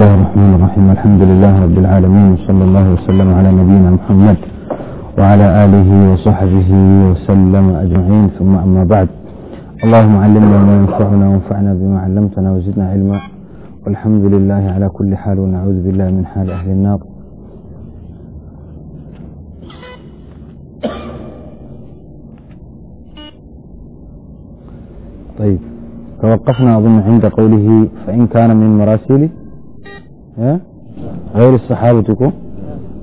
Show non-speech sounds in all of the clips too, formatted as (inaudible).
الله الرحمن الرحيم الحمد لله رب العالمين وصلى الله وسلم على نبينا محمد وعلى آله وصحبه وسلم أجمعين ثم أما بعد اللهم علمنا ما ينفعنا وانفعنا بما علمتنا وزدنا علما والحمد لله على كل حال ونعوذ بالله من حال أهل النار طيب توقفنا أظن عند قوله فإن كان من مراسيل ها غير الصحابة كو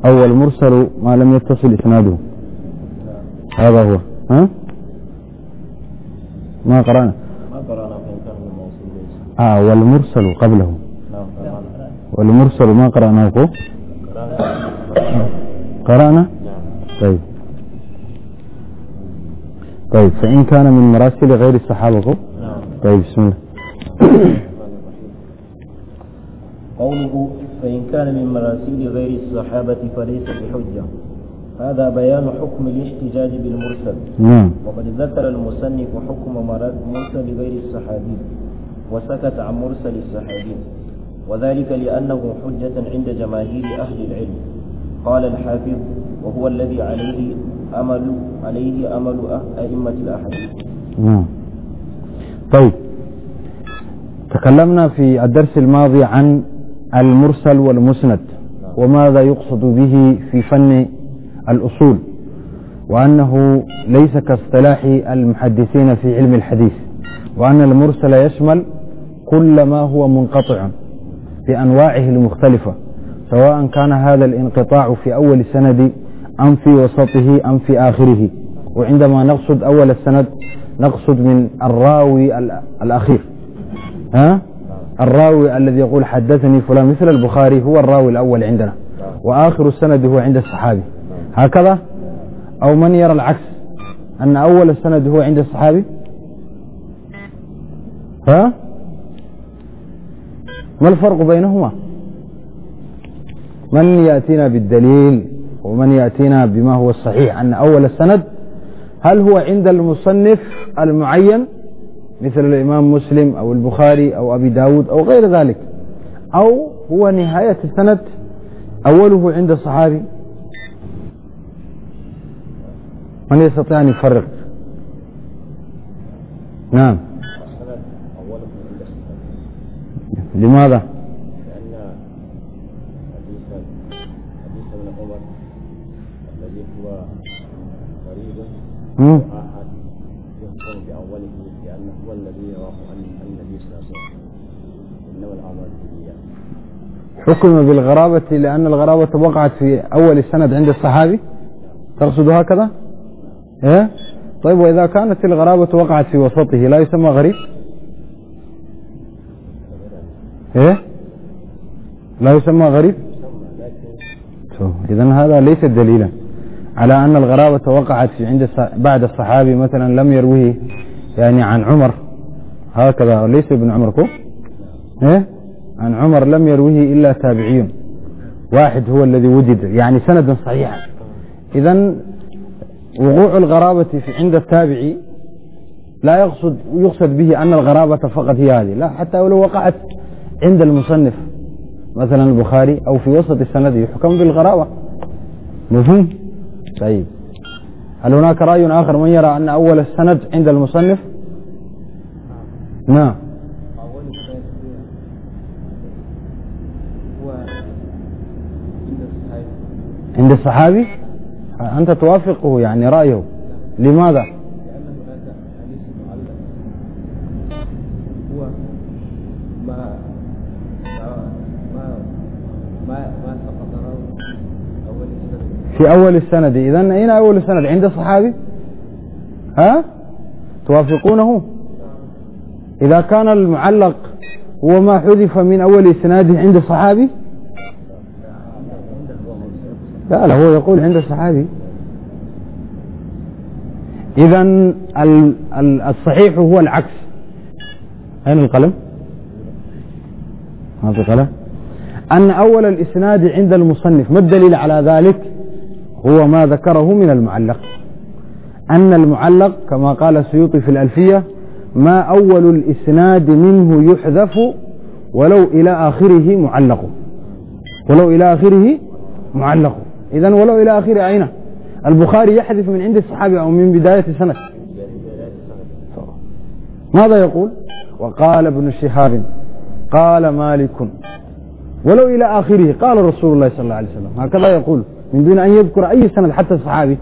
أو المرسل ما لم يتصل إسناده هذا هو ها ما قرأنا ما قرأنا فإن آه والمرسل قبله والمرسل ما قرأناه كو قرأنا طيب طيب فإن كان من مراسل غير الصحابة نعم. طيب بسم الله قوله فإن كان من مراسيل غير الصحابة فليس بحجة هذا بيان حكم الاحتجاج بالمرسل نعم وقد ذكر المصنف حكم مرسل غير الصحابي وسكت عن مرسل الصحابي وذلك لأنه حجة عند جماهير أهل العلم قال الحافظ وهو الذي عليه أمل عليه أمل أه- أئمة الأحاديث نعم طيب تكلمنا في الدرس الماضي عن المرسل والمسند وماذا يقصد به في فن الأصول وأنه ليس كاصطلاح المحدثين في علم الحديث وأن المرسل يشمل كل ما هو منقطع بأنواعه المختلفة سواء كان هذا الانقطاع في أول السند أم في وسطه أم في آخره وعندما نقصد أول السند نقصد من الراوي الأخير ها الراوي الذي يقول حدثني فلان مثل البخاري هو الراوي الأول عندنا وآخر السند هو عند الصحابي هكذا أو من يرى العكس أن أول السند هو عند الصحابي ها ما الفرق بينهما من يأتينا بالدليل ومن يأتينا بما هو الصحيح أن أول السند هل هو عند المصنف المعين مثل الإمام مسلم أو البخاري أو أبي داود أو غير ذلك أو هو نهاية السند أوله عند الصحابي من يستطيع أن يفرق نعم لماذا؟ لأن الذي هو حكم بالغرابة لأن الغرابة وقعت في أول السند عند الصحابي تقصد هكذا إيه؟ طيب وإذا كانت الغرابة وقعت في وسطه لا يسمى غريب إيه؟ لا يسمى غريب إذا هذا ليس دليلا على أن الغرابة وقعت في عند بعد الصحابي مثلا لم يروه يعني عن عمر هكذا ليس ابن عمر كو إيه؟ عن عمر لم يروه إلا تابعي واحد هو الذي وجد يعني سند صحيح إذا وقوع الغرابة في عند التابعي لا يقصد يقصد به أن الغرابة فقط هي هذه لا حتى ولو وقعت عند المصنف مثلا البخاري أو في وسط السند يحكم بالغرابة مفهوم طيب هل هناك رأي آخر من يرى أن أول السند عند المصنف نعم عند الصحابي أنت توافقه يعني رأيه لماذا في أول السند إذا أين أول السند عند الصحابي ها توافقونه إذا كان المعلق هو ما حذف من أول إسناده عند الصحابي لا هو يقول عند الصحابي إذا الصحيح هو العكس أين القلم؟ هذا القلم أن أول الإسناد عند المصنف ما الدليل على ذلك؟ هو ما ذكره من المعلق أن المعلق كما قال السيوطي في الألفية ما أول الإسناد منه يحذف ولو إلى آخره معلق ولو إلى آخره معلق إذا ولو إلى آخر أين البخاري يحذف من عند الصحابي أو من بداية سنة ماذا يقول وقال ابن شهاب قال مالك ولو إلى آخره قال رسول الله صلى الله عليه وسلم هكذا يقول من دون أن يذكر أي سند حتى الصحابي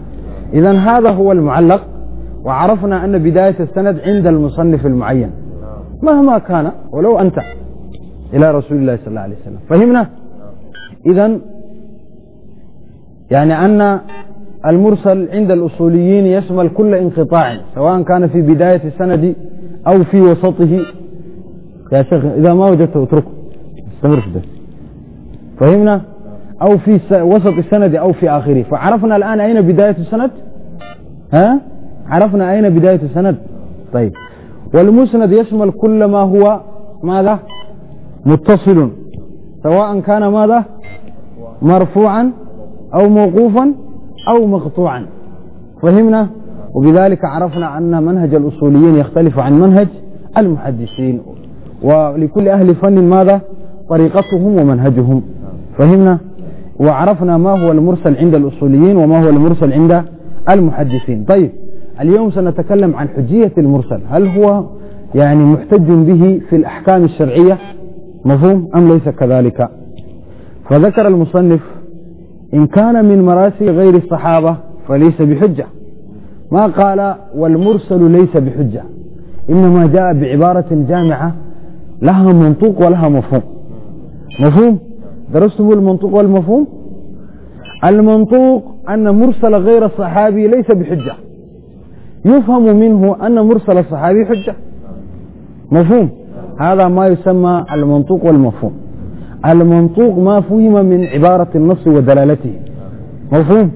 إذا هذا هو المعلق وعرفنا أن بداية السند عند المصنف المعين مهما كان ولو أنت إلى رسول الله صلى الله عليه وسلم فهمنا إذا يعني أن المرسل عند الأصوليين يشمل كل انقطاع سواء كان في بداية السند أو في وسطه يا شيخ إذا ما وجدته اتركه استمر في ده فهمنا أو في وسط السند أو في آخره فعرفنا الآن أين بداية السند ها عرفنا أين بداية السند طيب والمسند يشمل كل ما هو ماذا متصل سواء كان ماذا مرفوعا أو موقوفا أو مقطوعا فهمنا وبذلك عرفنا أن منهج الأصوليين يختلف عن منهج المحدثين ولكل أهل فن ماذا طريقتهم ومنهجهم فهمنا وعرفنا ما هو المرسل عند الأصوليين وما هو المرسل عند المحدثين طيب اليوم سنتكلم عن حجية المرسل هل هو يعني محتج به في الأحكام الشرعية مفهوم أم ليس كذلك فذكر المصنف إن كان من مراسي غير الصحابة فليس بحجة ما قال والمرسل ليس بحجة إنما جاء بعبارة جامعة لها منطوق ولها مفهوم مفهوم درسته المنطوق والمفهوم المنطوق أن مرسل غير الصحابي ليس بحجة يفهم منه أن مرسل الصحابي حجة مفهوم هذا ما يسمى المنطوق والمفهوم المنطوق ما فهم من عبارة النص ودلالته مفهوم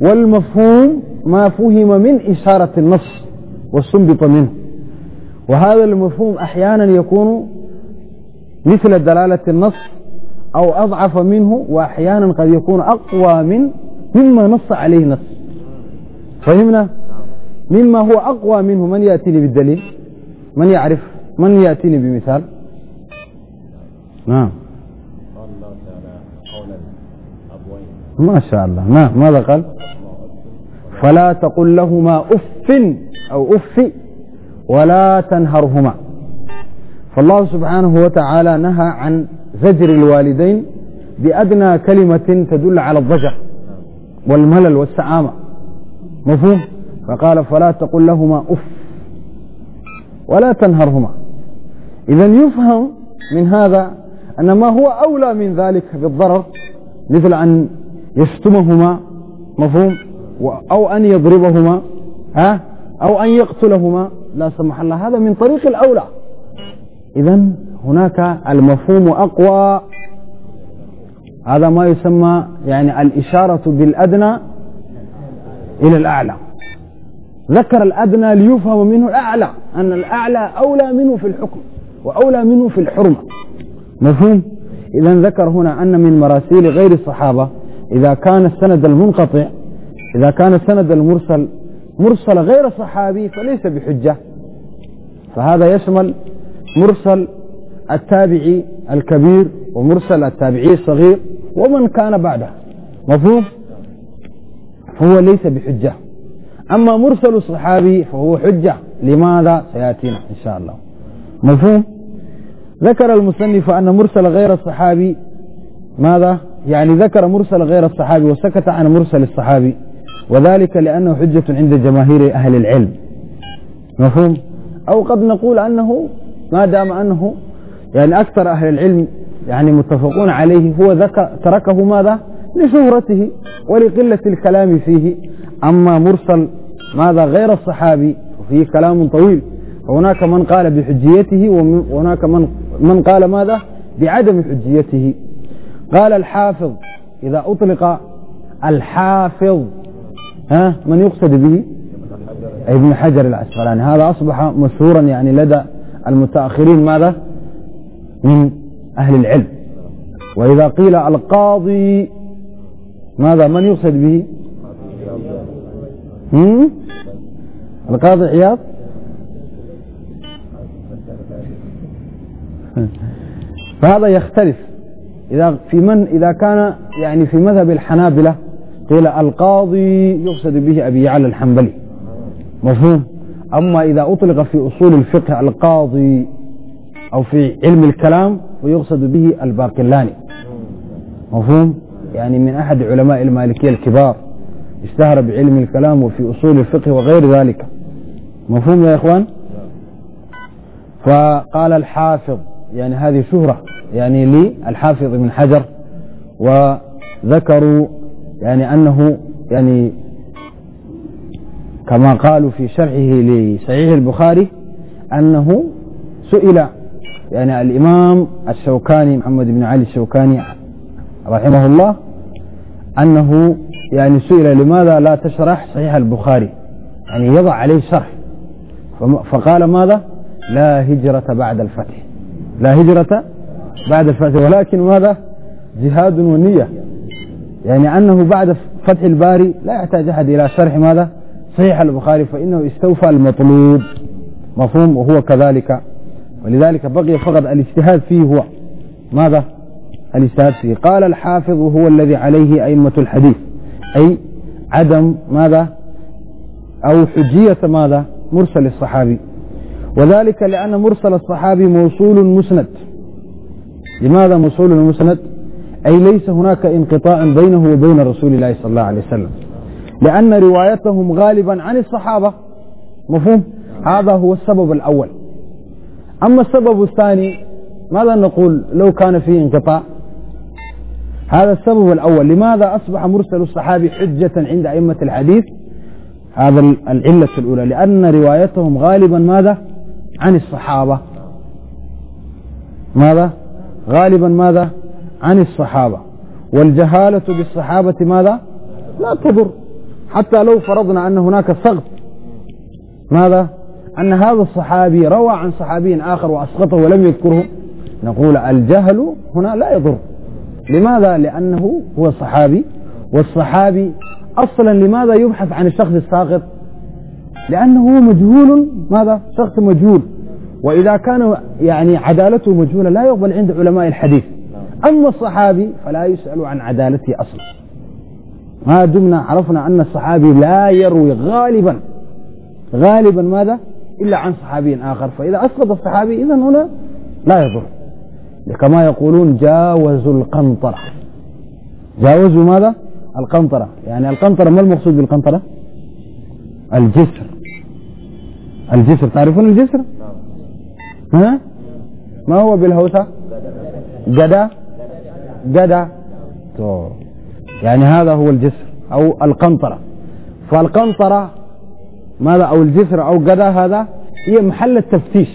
والمفهوم ما فهم من إشارة النص واستنبط منه وهذا المفهوم أحيانا يكون مثل دلالة النص أو أضعف منه وأحيانا قد يكون أقوى من مما نص عليه نص فهمنا مما هو أقوى منه من يأتيني بالدليل من يعرف من يأتيني بمثال نعم ما شاء الله ما نعم، ماذا قال فلا تقل لهما أف أو أف ولا تنهرهما فالله سبحانه وتعالى نهى عن زجر الوالدين بأدنى كلمة تدل على الضجر والملل والسعامة مفهوم فقال فلا تقل لهما أف ولا تنهرهما إذا يفهم من هذا أن ما هو أولى من ذلك بالضرر مثل أن يشتمهما مفهوم أو أن يضربهما ها أو أن يقتلهما لا سمح الله هذا من طريق الأولى إذا هناك المفهوم أقوى هذا ما يسمى يعني الإشارة بالأدنى إلى الأعلى ذكر الأدنى ليفهم منه الأعلى أن الأعلى أولى منه في الحكم وأولى منه في الحرمة مفهوم إذا ذكر هنا أن من مراسيل غير الصحابة إذا كان السند المنقطع إذا كان السند المرسل مرسل غير صحابي فليس بحجة فهذا يشمل مرسل التابعي الكبير ومرسل التابعي الصغير ومن كان بعده مفهوم فهو ليس بحجة أما مرسل الصحابي فهو حجة لماذا سيأتينا إن شاء الله مفهوم ذكر المصنف أن مرسل غير الصحابي ماذا يعني ذكر مرسل غير الصحابي وسكت عن مرسل الصحابي وذلك لأنه حجة عند جماهير أهل العلم مفهوم أو قد نقول أنه ما دام أنه يعني أكثر أهل العلم يعني متفقون عليه هو ذكر تركه ماذا لشهرته ولقلة الكلام فيه أما مرسل ماذا غير الصحابي فيه كلام طويل فهناك من قال بحجيته وهناك من من قال ماذا بعدم حجيته قال الحافظ إذا أطلق الحافظ ها من يقصد به ابن حجر العسقلاني هذا أصبح مشهورا يعني لدى المتأخرين ماذا من أهل العلم وإذا قيل القاضي ماذا من يقصد به هم؟ القاضي عياض (laughs) فهذا يختلف إذا في من إذا كان يعني في مذهب الحنابلة قيل القاضي يقصد به أبي يعلى الحنبلي مفهوم أما إذا أطلق في أصول الفقه القاضي أو في علم الكلام ويقصد به الباقلاني مفهوم يعني من أحد علماء المالكية الكبار اشتهر بعلم الكلام وفي أصول الفقه وغير ذلك مفهوم يا إخوان فقال الحافظ يعني هذه شهرة يعني للحافظ من حجر وذكروا يعني أنه يعني كما قالوا في شرحه لصحيح البخاري أنه سئل يعني الإمام الشوكاني محمد بن علي الشوكاني رحمه الله أنه يعني سئل لماذا لا تشرح صحيح البخاري يعني يضع عليه شرح فقال ماذا لا هجرة بعد الفتح لا هجرة بعد الفتح ولكن ماذا جهاد ونية يعني أنه بعد فتح الباري لا يحتاج أحد إلى شرح ماذا صحيح البخاري فإنه استوفى المطلوب مفهوم وهو كذلك ولذلك بقي فقط الاجتهاد فيه هو ماذا الاجتهاد فيه قال الحافظ وهو الذي عليه أئمة الحديث أي عدم ماذا أو حجية ماذا مرسل الصحابي وذلك لأن مرسل الصحابي موصول مسند لماذا موصول مسند أي ليس هناك انقطاع بينه وبين رسول الله صلى الله عليه وسلم لأن روايتهم غالبا عن الصحابة مفهوم هذا هو السبب الأول أما السبب الثاني ماذا نقول لو كان في انقطاع هذا السبب الأول لماذا أصبح مرسل الصحابي حجة عند أئمة الحديث هذا العلة الأولى لأن روايتهم غالبا ماذا عن الصحابة ماذا غالبا ماذا عن الصحابة والجهالة بالصحابة ماذا لا تضر حتى لو فرضنا أن هناك سقط ماذا أن هذا الصحابي روى عن صحابي آخر وأسقطه ولم يذكره نقول الجهل هنا لا يضر لماذا لأنه هو صحابي والصحابي أصلا لماذا يبحث عن الشخص الساقط لأنه مجهول ماذا شخص مجهول وإذا كان يعني عدالته مجهولة لا يقبل عند علماء الحديث أما الصحابي فلا يسأل عن عدالته أصلا ما دمنا عرفنا أن الصحابي لا يروي غالبا غالبا ماذا إلا عن صحابي آخر فإذا أسقط الصحابي إذا هنا لا يضر كما يقولون جاوزوا القنطرة جاوزوا ماذا القنطرة يعني القنطرة ما المقصود بالقنطرة الجسر الجسر تعرفون الجسر ها ما هو بالهوسة جدا جدا طيب. يعني هذا هو الجسر أو القنطرة فالقنطرة ماذا أو الجسر أو جدا هذا هي محل التفتيش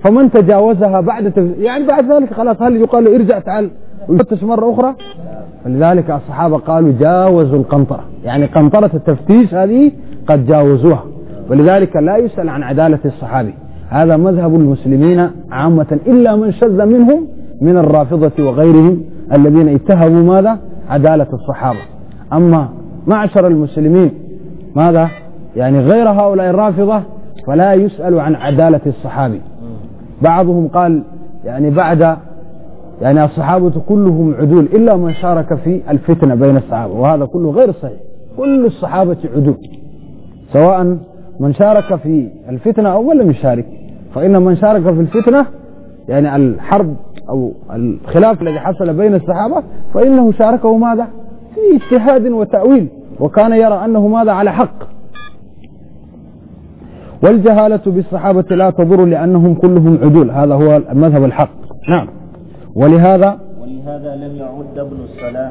فمن تجاوزها بعد تف... يعني بعد ذلك خلاص هل يقال له ارجع تعال وفتش مرة أخرى فلذلك الصحابة قالوا جاوزوا القنطرة يعني قنطرة التفتيش هذه قد جاوزوها ولذلك لا يسأل عن عدالة الصحابي هذا مذهب المسلمين عامة إلا من شذ منهم من الرافضة وغيرهم الذين اتهموا ماذا عدالة الصحابة أما معشر المسلمين ماذا يعني غير هؤلاء الرافضة فلا يسأل عن عدالة الصحابي بعضهم قال يعني بعد يعني الصحابة كلهم عدول إلا من شارك في الفتنة بين الصحابة وهذا كله غير صحيح كل الصحابة عدول سواء من شارك في الفتنة أولا يشارك فإن من شارك في الفتنة يعني الحرب أو الخلاف الذي حصل بين الصحابة فإنه شاركه ماذا في اجتهاد وتأويل وكان يرى أنه ماذا على حق والجهالة بالصحابة لا تضر لأنهم كلهم عدول هذا هو المذهب الحق نعم ولهذا ولهذا لم يعد ابن الصلاح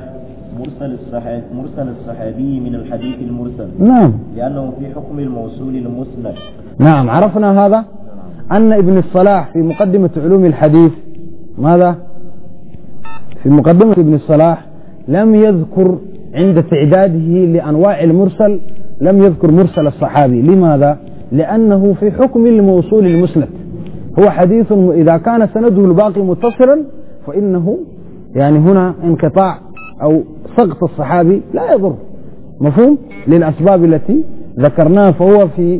مرسل الصحابي مرسل الصحابي من الحديث المرسل نعم لأنه في حكم الموصول المسند نعم عرفنا هذا أن ابن الصلاح في مقدمة علوم الحديث ماذا في مقدمة ابن الصلاح لم يذكر عند تعداده لأنواع المرسل لم يذكر مرسل الصحابي لماذا لأنه في حكم الموصول المسند هو حديث إذا كان سنده الباقي متصلا فإنه يعني هنا انقطاع أو سقط الصحابي لا يضر مفهوم للأسباب التي ذكرناها فهو في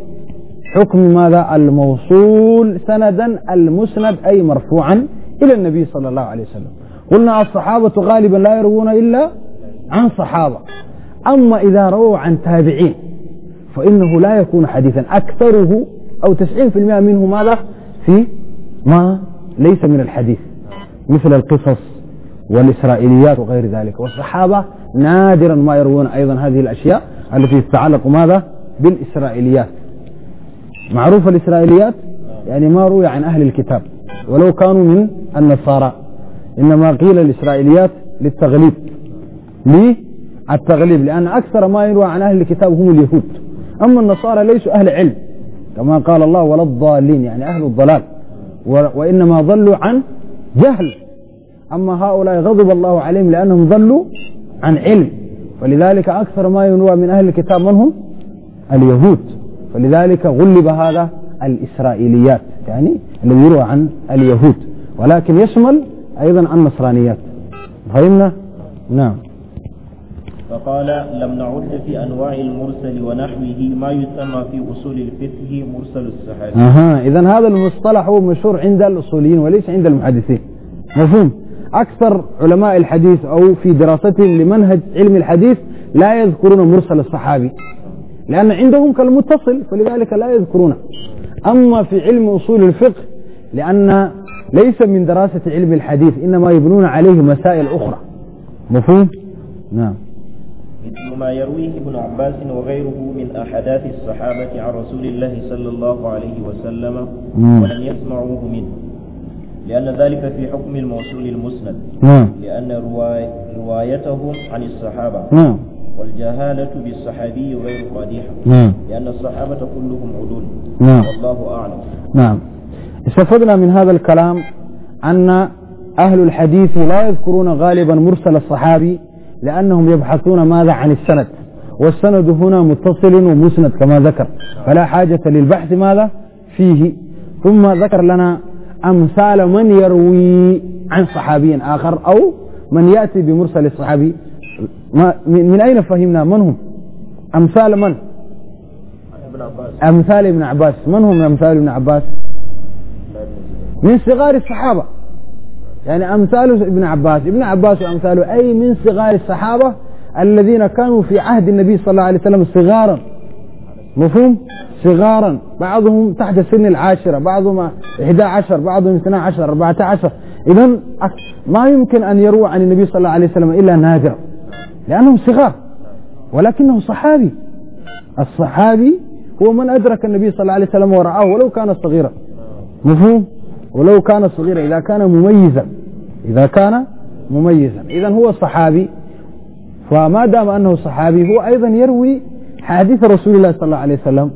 حكم ماذا الموصول سندا المسند أي مرفوعا إلى النبي صلى الله عليه وسلم قلنا الصحابة غالبا لا يروون إلا عن صحابة أما إذا رووا عن تابعين فإنه لا يكون حديثا أكثره أو 90% منه ماذا في ما ليس من الحديث مثل القصص والإسرائيليات وغير ذلك والصحابة نادرا ما يروون أيضا هذه الأشياء التي تتعلق ماذا بالإسرائيليات معروف الإسرائيليات يعني ما روي عن أهل الكتاب ولو كانوا من النصارى إنما قيل الإسرائيليات للتغليب ليه التغليب لأن أكثر ما يروى عن أهل الكتاب هم اليهود أما النصارى ليسوا أهل علم كما قال الله ولا الضالين يعني أهل الضلال وإنما ضلوا عن جهل أما هؤلاء غضب الله عليهم لأنهم ضلوا عن علم ولذلك أكثر ما ينوى من أهل الكتاب من هم اليهود فلذلك غلب هذا الإسرائيليات يعني الذي يروى عن اليهود ولكن يشمل أيضا عن نصرانيات فهمنا؟ نعم فقال لم نعد في أنواع المرسل ونحوه ما يسمى في أصول الفقه مرسل السحر أها إذا هذا المصطلح هو مشهور عند الأصوليين وليس عند المحدثين مفهوم؟ أكثر علماء الحديث أو في دراستهم لمنهج علم الحديث لا يذكرون مرسل الصحابي لأن عندهم كالمتصل فلذلك لا يذكرونه أما في علم أصول الفقه لأن ليس من دراسة علم الحديث إنما يبنون عليه مسائل أخرى مفهوم؟ نعم مثل ما يرويه ابن عباس وغيره من أحداث الصحابة عن رسول الله صلى الله عليه وسلم ولم يسمعوه منه لأن ذلك في حكم الموصول المسند نعم لأن روايته عن الصحابة نعم والجهالة بالصحابي غير قادحة نعم لأن الصحابة كلهم عدول نعم والله أعلم نعم استفدنا من هذا الكلام أن أهل الحديث لا يذكرون غالبا مرسل الصحابي لأنهم يبحثون ماذا عن السند والسند هنا متصل ومسند كما ذكر فلا حاجة للبحث ماذا فيه ثم ذكر لنا أمثال من يروي عن صحابي آخر أو من يأتي بمرسل الصحابي من أين فهمنا من هم أمثال من أمثال ابن عباس من هم أمثال ابن عباس من صغار الصحابة يعني أمثال ابن عباس ابن عباس وأمثاله أي من صغار الصحابة الذين كانوا في عهد النبي صلى الله عليه وسلم صغارا مفهوم صغارا بعضهم تحت سن العاشرة بعضهم 11 بعضهم 12 14 إذا ما يمكن أن يروى عن النبي صلى الله عليه وسلم إلا نادرا لأنهم صغار ولكنه صحابي الصحابي هو من أدرك النبي صلى الله عليه وسلم ورآه ولو كان صغيرا مفهوم ولو كان صغيرا إذا كان مميزا إذا كان مميزا إذا هو صحابي فما دام أنه صحابي هو أيضا يروي حديث رسول الله صلى الله عليه وسلم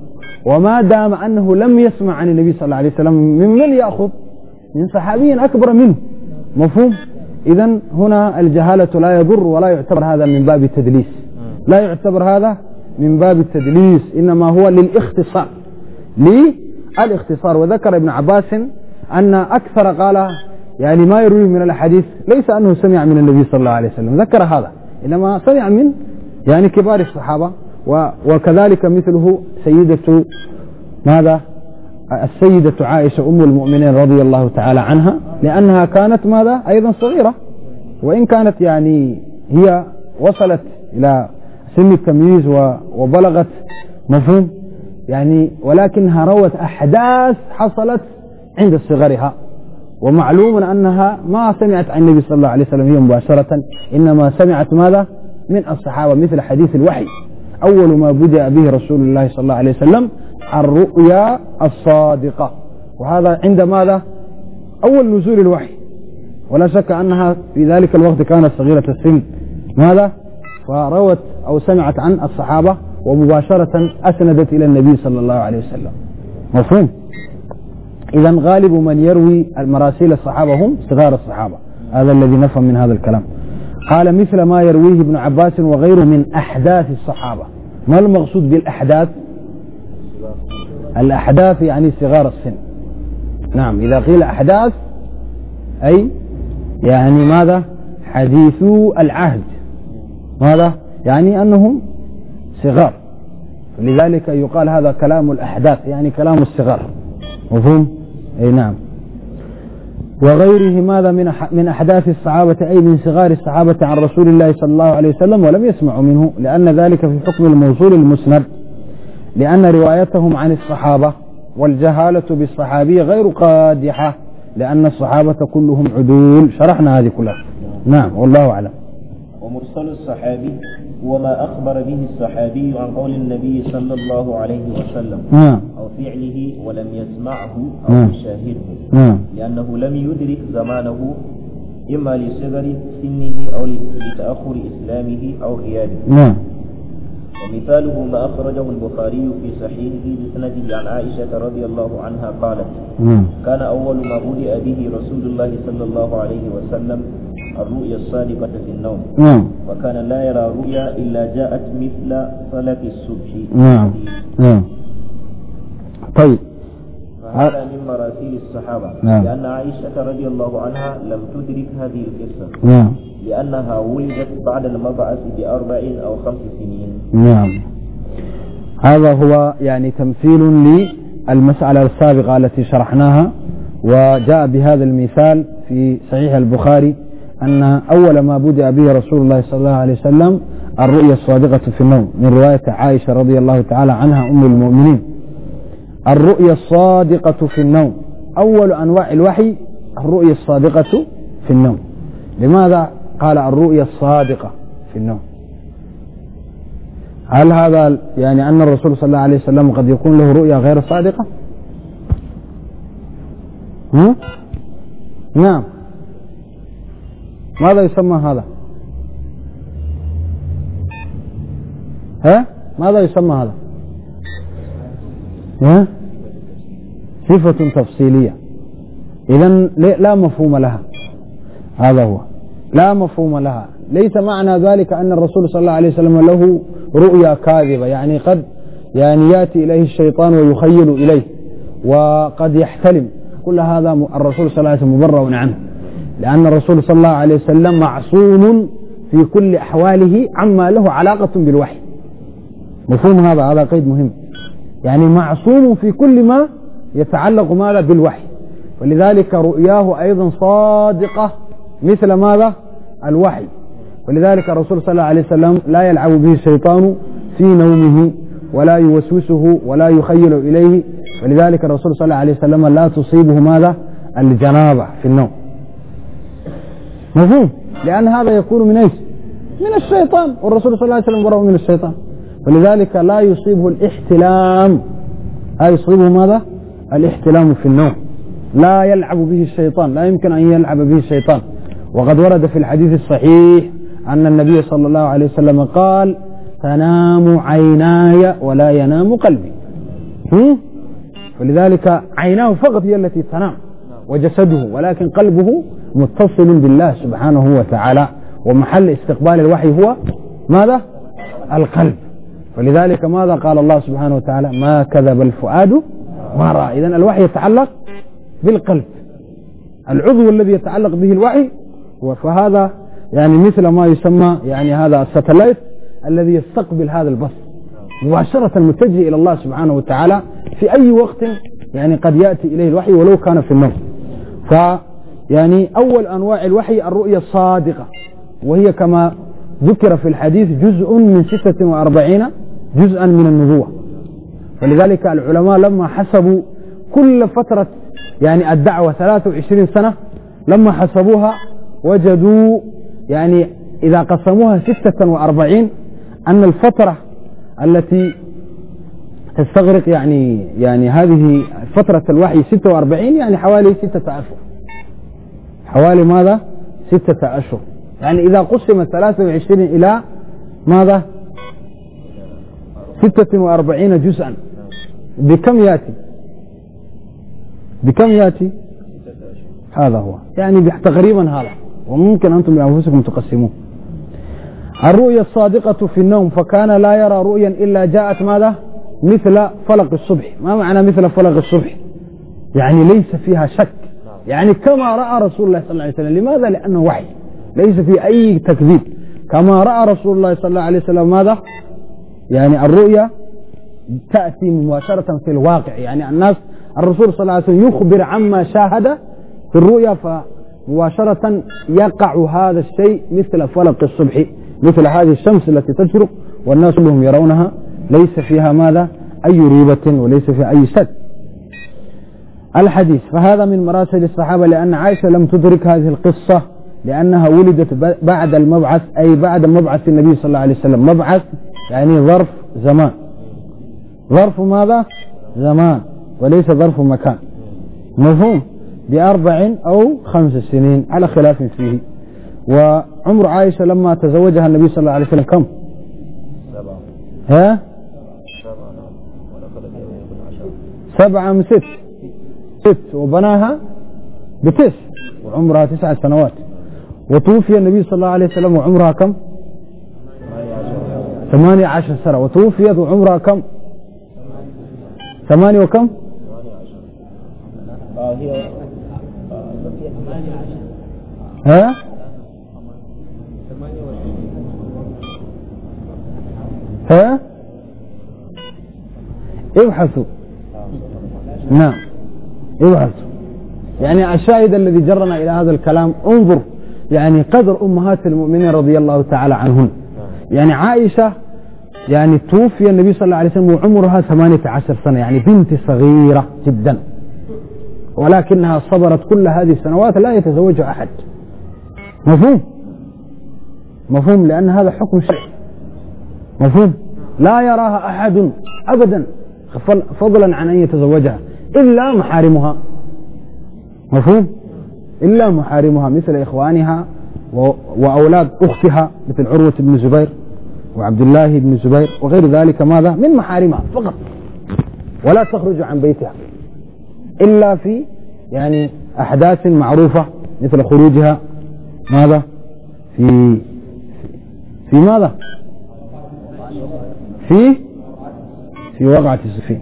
وما دام أنه لم يسمع عن النبي صلى الله عليه وسلم من من يأخذ من صحابي أكبر منه مفهوم إذا هنا الجهالة لا يضر ولا يعتبر هذا من باب التدليس لا يعتبر هذا من باب التدليس إنما هو للاختصار للاختصار وذكر ابن عباس أن أكثر قال يعني ما يروي من الأحاديث ليس أنه سمع من النبي صلى الله عليه وسلم ذكر هذا إنما سمع من يعني كبار الصحابة وكذلك مثله سيدة ماذا السيدة عائشة أم المؤمنين رضي الله تعالى عنها لأنها كانت ماذا أيضا صغيرة وإن كانت يعني هي وصلت إلى سن التمييز وبلغت مفهوم يعني ولكنها روت أحداث حصلت عند صغرها ومعلوم أنها ما سمعت عن النبي صلى الله عليه وسلم هي مباشرة إنما سمعت ماذا من الصحابة مثل حديث الوحي أول ما بدأ به رسول الله صلى الله عليه وسلم الرؤيا الصادقة وهذا عند ماذا أول نزول الوحي ولا شك أنها في ذلك الوقت كانت صغيرة السن ماذا فروت أو سمعت عن الصحابة ومباشرة أسندت إلى النبي صلى الله عليه وسلم مفهوم إذا غالب من يروي المراسيل الصحابة هم صغار الصحابة هذا الذي نفهم من هذا الكلام قال مثل ما يرويه ابن عباس وغيره من أحداث الصحابة ما المقصود بالأحداث الأحداث يعني صغار السن نعم إذا قيل أحداث أي يعني ماذا حديثو العهد ماذا يعني أنهم صغار لذلك يقال هذا كلام الأحداث يعني كلام الصغار مفهوم أي نعم وغيره ماذا من من أحداث الصحابة أي من صغار الصحابة عن رسول الله صلى الله عليه وسلم ولم يسمعوا منه لأن ذلك في حكم الموصول المسند لأن روايتهم عن الصحابة والجهالة بالصحابي غير قادحة لأن الصحابة كلهم عدول شرحنا هذه كلها نعم والله أعلم ومرسل الصحابي وما أخبر به الصحابي عن قول النبي صلى الله عليه وسلم نعم أو فعله ولم يسمعه أو نعم. يشاهده نعم لأنه لم يدرك زمانه إما لصغر سنه أو لتأخر إسلامه أو غيابه نعم ومثاله ما أخرجه البخاري في صحيحه بسنده عن عائشة رضي الله عنها قالت نعم. كان أول ما بدأ به رسول الله صلى الله عليه وسلم الرؤيا الصادقة في النوم نعم وكان لا يرى رؤيا إلا جاءت مثل فلك الصبح نعم نعم طيب فهذا من مراسيل الصحابة نعم. لأن عائشة رضي الله عنها لم تدرك هذه القصة نعم لأنها ولدت بعد المبعث بأربع أو خمس سنين نعم هذا هو يعني تمثيل للمسألة السابقة التي شرحناها وجاء بهذا المثال في صحيح البخاري أن أول ما بدأ به رسول الله صلى الله عليه وسلم الرؤية الصادقة في النوم من رواية عائشة رضي الله تعالى عنها أم المؤمنين الرؤية الصادقة في النوم أول أنواع الوحي الرؤية الصادقة في النوم لماذا قال الرؤية الصادقة في النوم هل هذا يعني أن الرسول صلى الله عليه وسلم قد يكون له رؤية غير صادقة هم؟ نعم ماذا يسمى هذا ها ماذا يسمى هذا ها صفة تفصيلية إذا لا مفهوم لها هذا هو لا مفهوم لها ليس معنى ذلك أن الرسول صلى الله عليه وسلم له رؤيا كاذبة يعني قد يعني يأتي إليه الشيطان ويخيل إليه وقد يحتلم كل هذا الرسول صلى الله عليه وسلم مبرر عنه لأن الرسول صلى الله عليه وسلم معصوم في كل أحواله عما له علاقة بالوحي مفهوم هذا هذا قيد مهم يعني معصوم في كل ما يتعلق ماذا بالوحي ولذلك رؤياه أيضا صادقة مثل ماذا الوحي ولذلك الرسول صلى الله عليه وسلم لا يلعب به الشيطان في نومه ولا يوسوسه ولا يخيل إليه ولذلك الرسول صلى الله عليه وسلم لا تصيبه ماذا الجنابة في النوم مفهوم لأن هذا يكون من ايش من الشيطان والرسول صلى الله عليه وسلم قرأه من الشيطان ولذلك لا يصيبه الاحتلام لا يصيبه ماذا الاحتلام في النوم لا يلعب به الشيطان لا يمكن أن يلعب به الشيطان وقد ورد في الحديث الصحيح أن النبي صلى الله عليه وسلم قال تنام عيناي ولا ينام قلبي فلذلك عيناه فقط هي التي تنام وجسده ولكن قلبه متصل بالله سبحانه وتعالى ومحل استقبال الوحي هو ماذا؟ القلب فلذلك ماذا قال الله سبحانه وتعالى ما كذب الفؤاد ما رأى إذا الوحي يتعلق بالقلب العضو الذي يتعلق به الوحي فهذا يعني مثل ما يسمى يعني هذا الساتلايت الذي يستقبل هذا البصر مباشرة متجه إلى الله سبحانه وتعالى في أي وقت يعني قد يأتي إليه الوحي ولو كان في النوم ف يعني أول أنواع الوحي الرؤية الصادقة وهي كما ذكر في الحديث جزء من 46 جزءا من النبوة فلذلك العلماء لما حسبوا كل فترة يعني الدعوة 23 سنة لما حسبوها وجدوا يعني إذا قسموها 46 أن الفترة التي تستغرق يعني يعني هذه فترة الوحي 46 يعني حوالي ستة أشهر حوالي ماذا ستة أشهر يعني إذا قسم 23 إلى ماذا 46 جزءا بكم يأتي بكم يأتي هذا هو يعني تقريبا هذا وممكن أنتم بأنفسكم تقسموه الرؤية الصادقة في النوم فكان لا يرى رؤيا إلا جاءت ماذا مثل فلق الصبح ما معنى مثل فلق الصبح يعني ليس فيها شك يعني كما رأى رسول الله صلى الله عليه وسلم لماذا لأنه وحي ليس في أي تكذيب كما رأى رسول الله صلى الله عليه وسلم ماذا يعني الرؤيا تأتي مباشرة في الواقع يعني الناس الرسول صلى الله عليه وسلم يخبر عما شاهد في الرؤيا فمباشرة يقع هذا الشيء مثل فلق الصبح مثل هذه الشمس التي تشرق والناس كلهم يرونها ليس فيها ماذا أي ريبة وليس فيها أي سد الحديث فهذا من مراسل الصحابة لأن عائشة لم تدرك هذه القصة لأنها ولدت بعد المبعث أي بعد مبعث النبي صلى الله عليه وسلم مبعث يعني ظرف زمان ظرف ماذا زمان وليس ظرف مكان مفهوم بأربع أو خمس سنين على خلاف فيه وعمر عائشة لما تزوجها النبي صلى الله عليه وسلم كم سبعة ها سبعة من ست ست وبناها بتس وعمرها تسعة سنوات وتوفي النبي صلى الله عليه وسلم وعمرها كم ثمانية عشر سنة وتوفيت وعمرها كم ثمانية وكم ها ها ابحثوا نعم يبعث إيه يعني الشاهد الذي جرنا إلى هذا الكلام انظر يعني قدر أمهات المؤمنين رضي الله تعالى عنهن يعني عائشة يعني توفي النبي صلى الله عليه وسلم وعمرها 18 سنة يعني بنت صغيرة جدا ولكنها صبرت كل هذه السنوات لا يتزوجها أحد مفهوم مفهوم لأن هذا حكم شيء مفهوم لا يراها أحد أبدا فضلا عن أن يتزوجها إلا محارمها مفهوم إلا محارمها مثل إخوانها وأولاد أختها مثل عروة بن زبير وعبد الله بن زبير وغير ذلك ماذا من محارمها فقط ولا تخرج عن بيتها إلا في يعني أحداث معروفة مثل خروجها ماذا في في ماذا في في وقعة سفين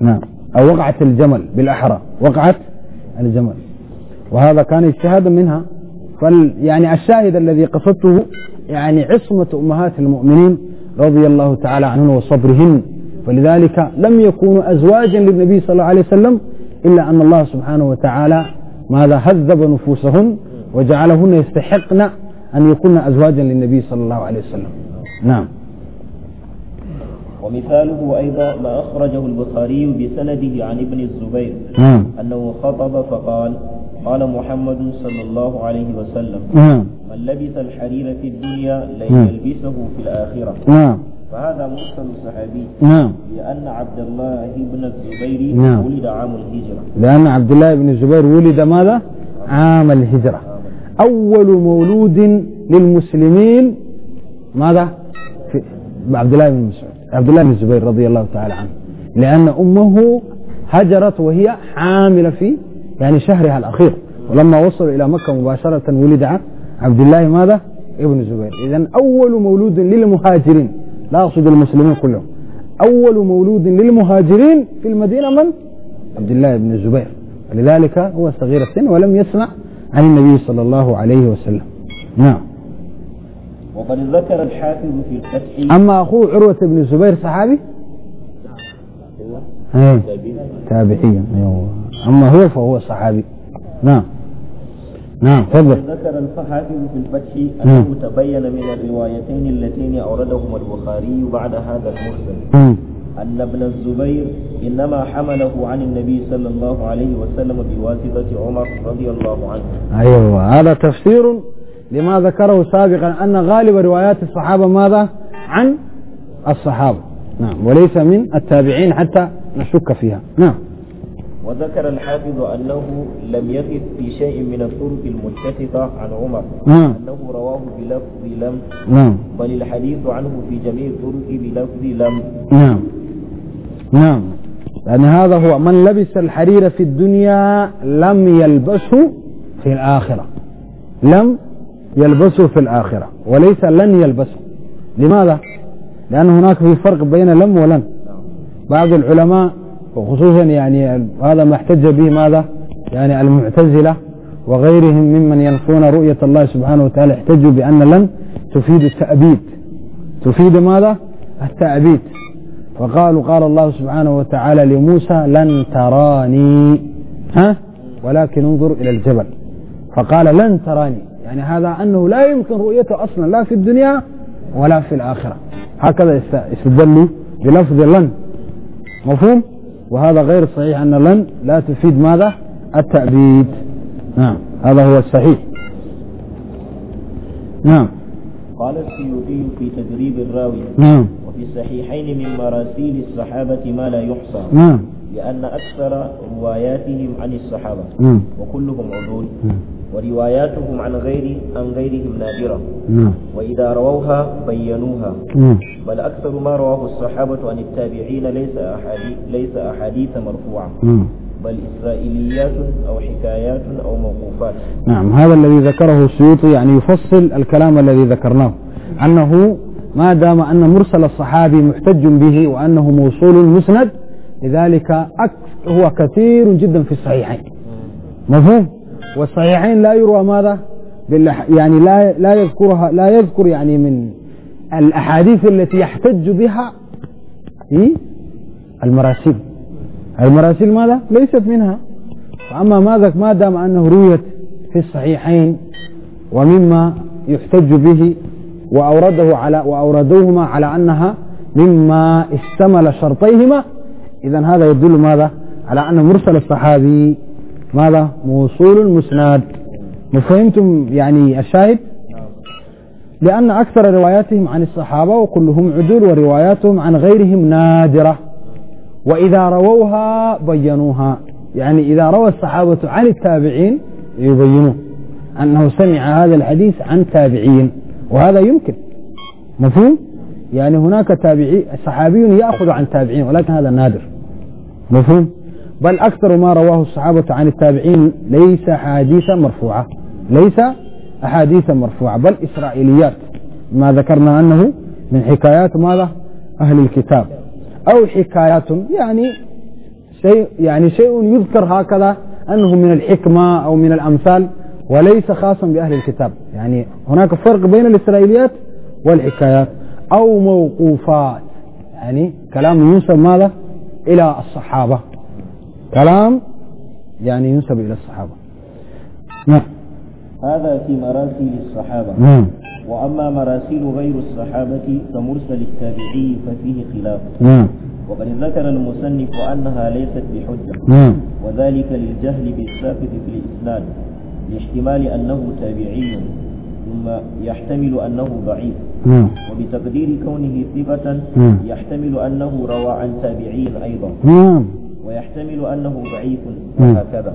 نعم أو وقعت الجمل بالأحرى وقعت الجمل وهذا كان اجتهادا منها فال يعني الشاهد الذي قصدته يعني عصمة أمهات المؤمنين رضي الله تعالى عنهن وصبرهن فلذلك لم يكونوا أزواجا للنبي صلى الله عليه وسلم إلا أن الله سبحانه وتعالى ماذا هذب نفوسهن وجعلهن يستحقن أن يكون أزواجا للنبي صلى الله عليه وسلم نعم ومثاله أيضا ما أخرجه البخاري بسنده عن ابن الزبير نعم. أنه خطب فقال قال محمد صلى الله عليه وسلم نعم. من لبس الحرير في الدنيا لن نعم. يلبسه في الآخرة فهذا مرسل صحابي نعم لأن عبد الله بن الزبير ولد عام الهجرة لأن عبد الله بن الزبير ولد ماذا؟ عام الهجرة أول مولود للمسلمين ماذا؟ في عبد الله بن مسعود عبد الله بن الزبير رضي الله تعالى عنه لأن أمه هجرت وهي حاملة في يعني شهرها الأخير ولما وصلوا إلى مكة مباشرة ولد عبد الله ماذا؟ ابن الزبير إذا أول مولود للمهاجرين لا أقصد المسلمين كلهم أول مولود للمهاجرين في المدينة من؟ عبد الله بن الزبير لذلك هو صغير السن ولم يسمع عن النبي صلى الله عليه وسلم نعم وقد ذكر الحافظ في الفتح أما أخوه عروة بن الزبير صحابي نعم إيه. تابعيا أيوة. أما هو فهو صحابي نعم نعم تفضل ذكر الحافظ في الفتح أنه نعم. تبين من الروايتين اللتين أوردهما البخاري بعد هذا المرسل أن ابن الزبير إنما حمله عن النبي صلى الله عليه وسلم بواسطة عمر رضي الله عنه أيوه هذا تفسير لما ذكره سابقا أن غالب روايات الصحابة ماذا عن الصحابة نعم وليس من التابعين حتى نشك فيها نعم وذكر الحافظ أنه لم يثب في شيء من الطرق المتفقة عن عمر نعم. أنه رواه بلفظ لم نعم. بل الحديث عنه في جميع الطرق بلفظ لم نعم نعم لأن هذا هو من لبس الحرير في الدنيا لم يلبسه في الآخرة لم يلبسه في الآخرة وليس لن يلبسه لماذا؟ لأن هناك في فرق بين لم ولن بعض العلماء وخصوصا يعني هذا ما احتج به ماذا؟ يعني المعتزلة وغيرهم ممن ينفون رؤية الله سبحانه وتعالى احتجوا بأن لن تفيد التأبيد تفيد ماذا؟ التأبيد فقالوا قال الله سبحانه وتعالى لموسى لن تراني ها ولكن انظر إلى الجبل فقال لن تراني يعني هذا أنه لا يمكن رؤيته أصلا لا في الدنيا ولا في الآخرة هكذا يستدل بلفظ لن مفهوم وهذا غير صحيح أن لن لا تفيد ماذا التأبيد نعم هذا هو الصحيح نعم قال السيوطي في تدريب الراوي نعم وفي الصحيحين من مراسيل الصحابة ما لا يحصى نعم لأن أكثر رواياتهم عن الصحابة نعم وكلهم عدول نعم ورواياتهم عن غير عن غيرهم نادرة نعم. وإذا رووها بينوها بل أكثر ما رواه الصحابة عن التابعين ليس أحاديث ليس أحاديث مرفوعة بل إسرائيليات أو حكايات أو موقوفات نعم هذا الذي ذكره السيوطي يعني يفصل الكلام الذي ذكرناه أنه ما دام أن مرسل الصحابي محتج به وأنه موصول مسند لذلك هو كثير جدا في الصحيحين مفهوم والصحيحين لا يروى ماذا يعني لا لا يذكرها لا يذكر يعني من الأحاديث التي يحتج بها في المراسيل المراسيل ماذا ليست منها فأما ماذا ما دام أنه رويت في الصحيحين ومما يحتج به وأورده على وأوردوهما على أنها مما اشتمل شرطيهما إذا هذا يدل ماذا على أن مرسل الصحابي ماذا موصول المسناد مفهمتم يعني الشاهد لأن أكثر رواياتهم عن الصحابة وكلهم عدول ورواياتهم عن غيرهم نادرة وإذا رووها بينوها يعني إذا روى الصحابة عن التابعين يبينوه أنه سمع هذا الحديث عن تابعين وهذا يمكن مفهوم يعني هناك تابعي صحابي يأخذ عن تابعين ولكن هذا نادر مفهوم بل أكثر ما رواه الصحابة عن التابعين ليس حديثا مرفوعة ليس أحاديثا مرفوعة بل إسرائيليات ما ذكرنا أنه من حكايات ماذا أهل الكتاب أو حكايات يعني شيء يعني شيء يذكر هكذا أنه من الحكمة أو من الأمثال وليس خاصا بأهل الكتاب يعني هناك فرق بين الإسرائيليات والحكايات أو موقوفات يعني كلام ينسب ماذا إلى الصحابة كلام يعني ينسب إلى الصحابة نعم هذا في مراسل الصحابة نعم وأما مراسيل غير الصحابة كمرسل التابعي ففيه خلاف نعم وقد ذكر المصنف أنها ليست بحجة نعم وذلك للجهل بالساقط في الإسلام لاحتمال أنه تابعي ثم يحتمل أنه ضعيف نعم. وبتقدير كونه ثقة نعم. يحتمل أنه روى عن تابعين أيضا مم. نعم. ويحتمل أنه ضعيف وهكذا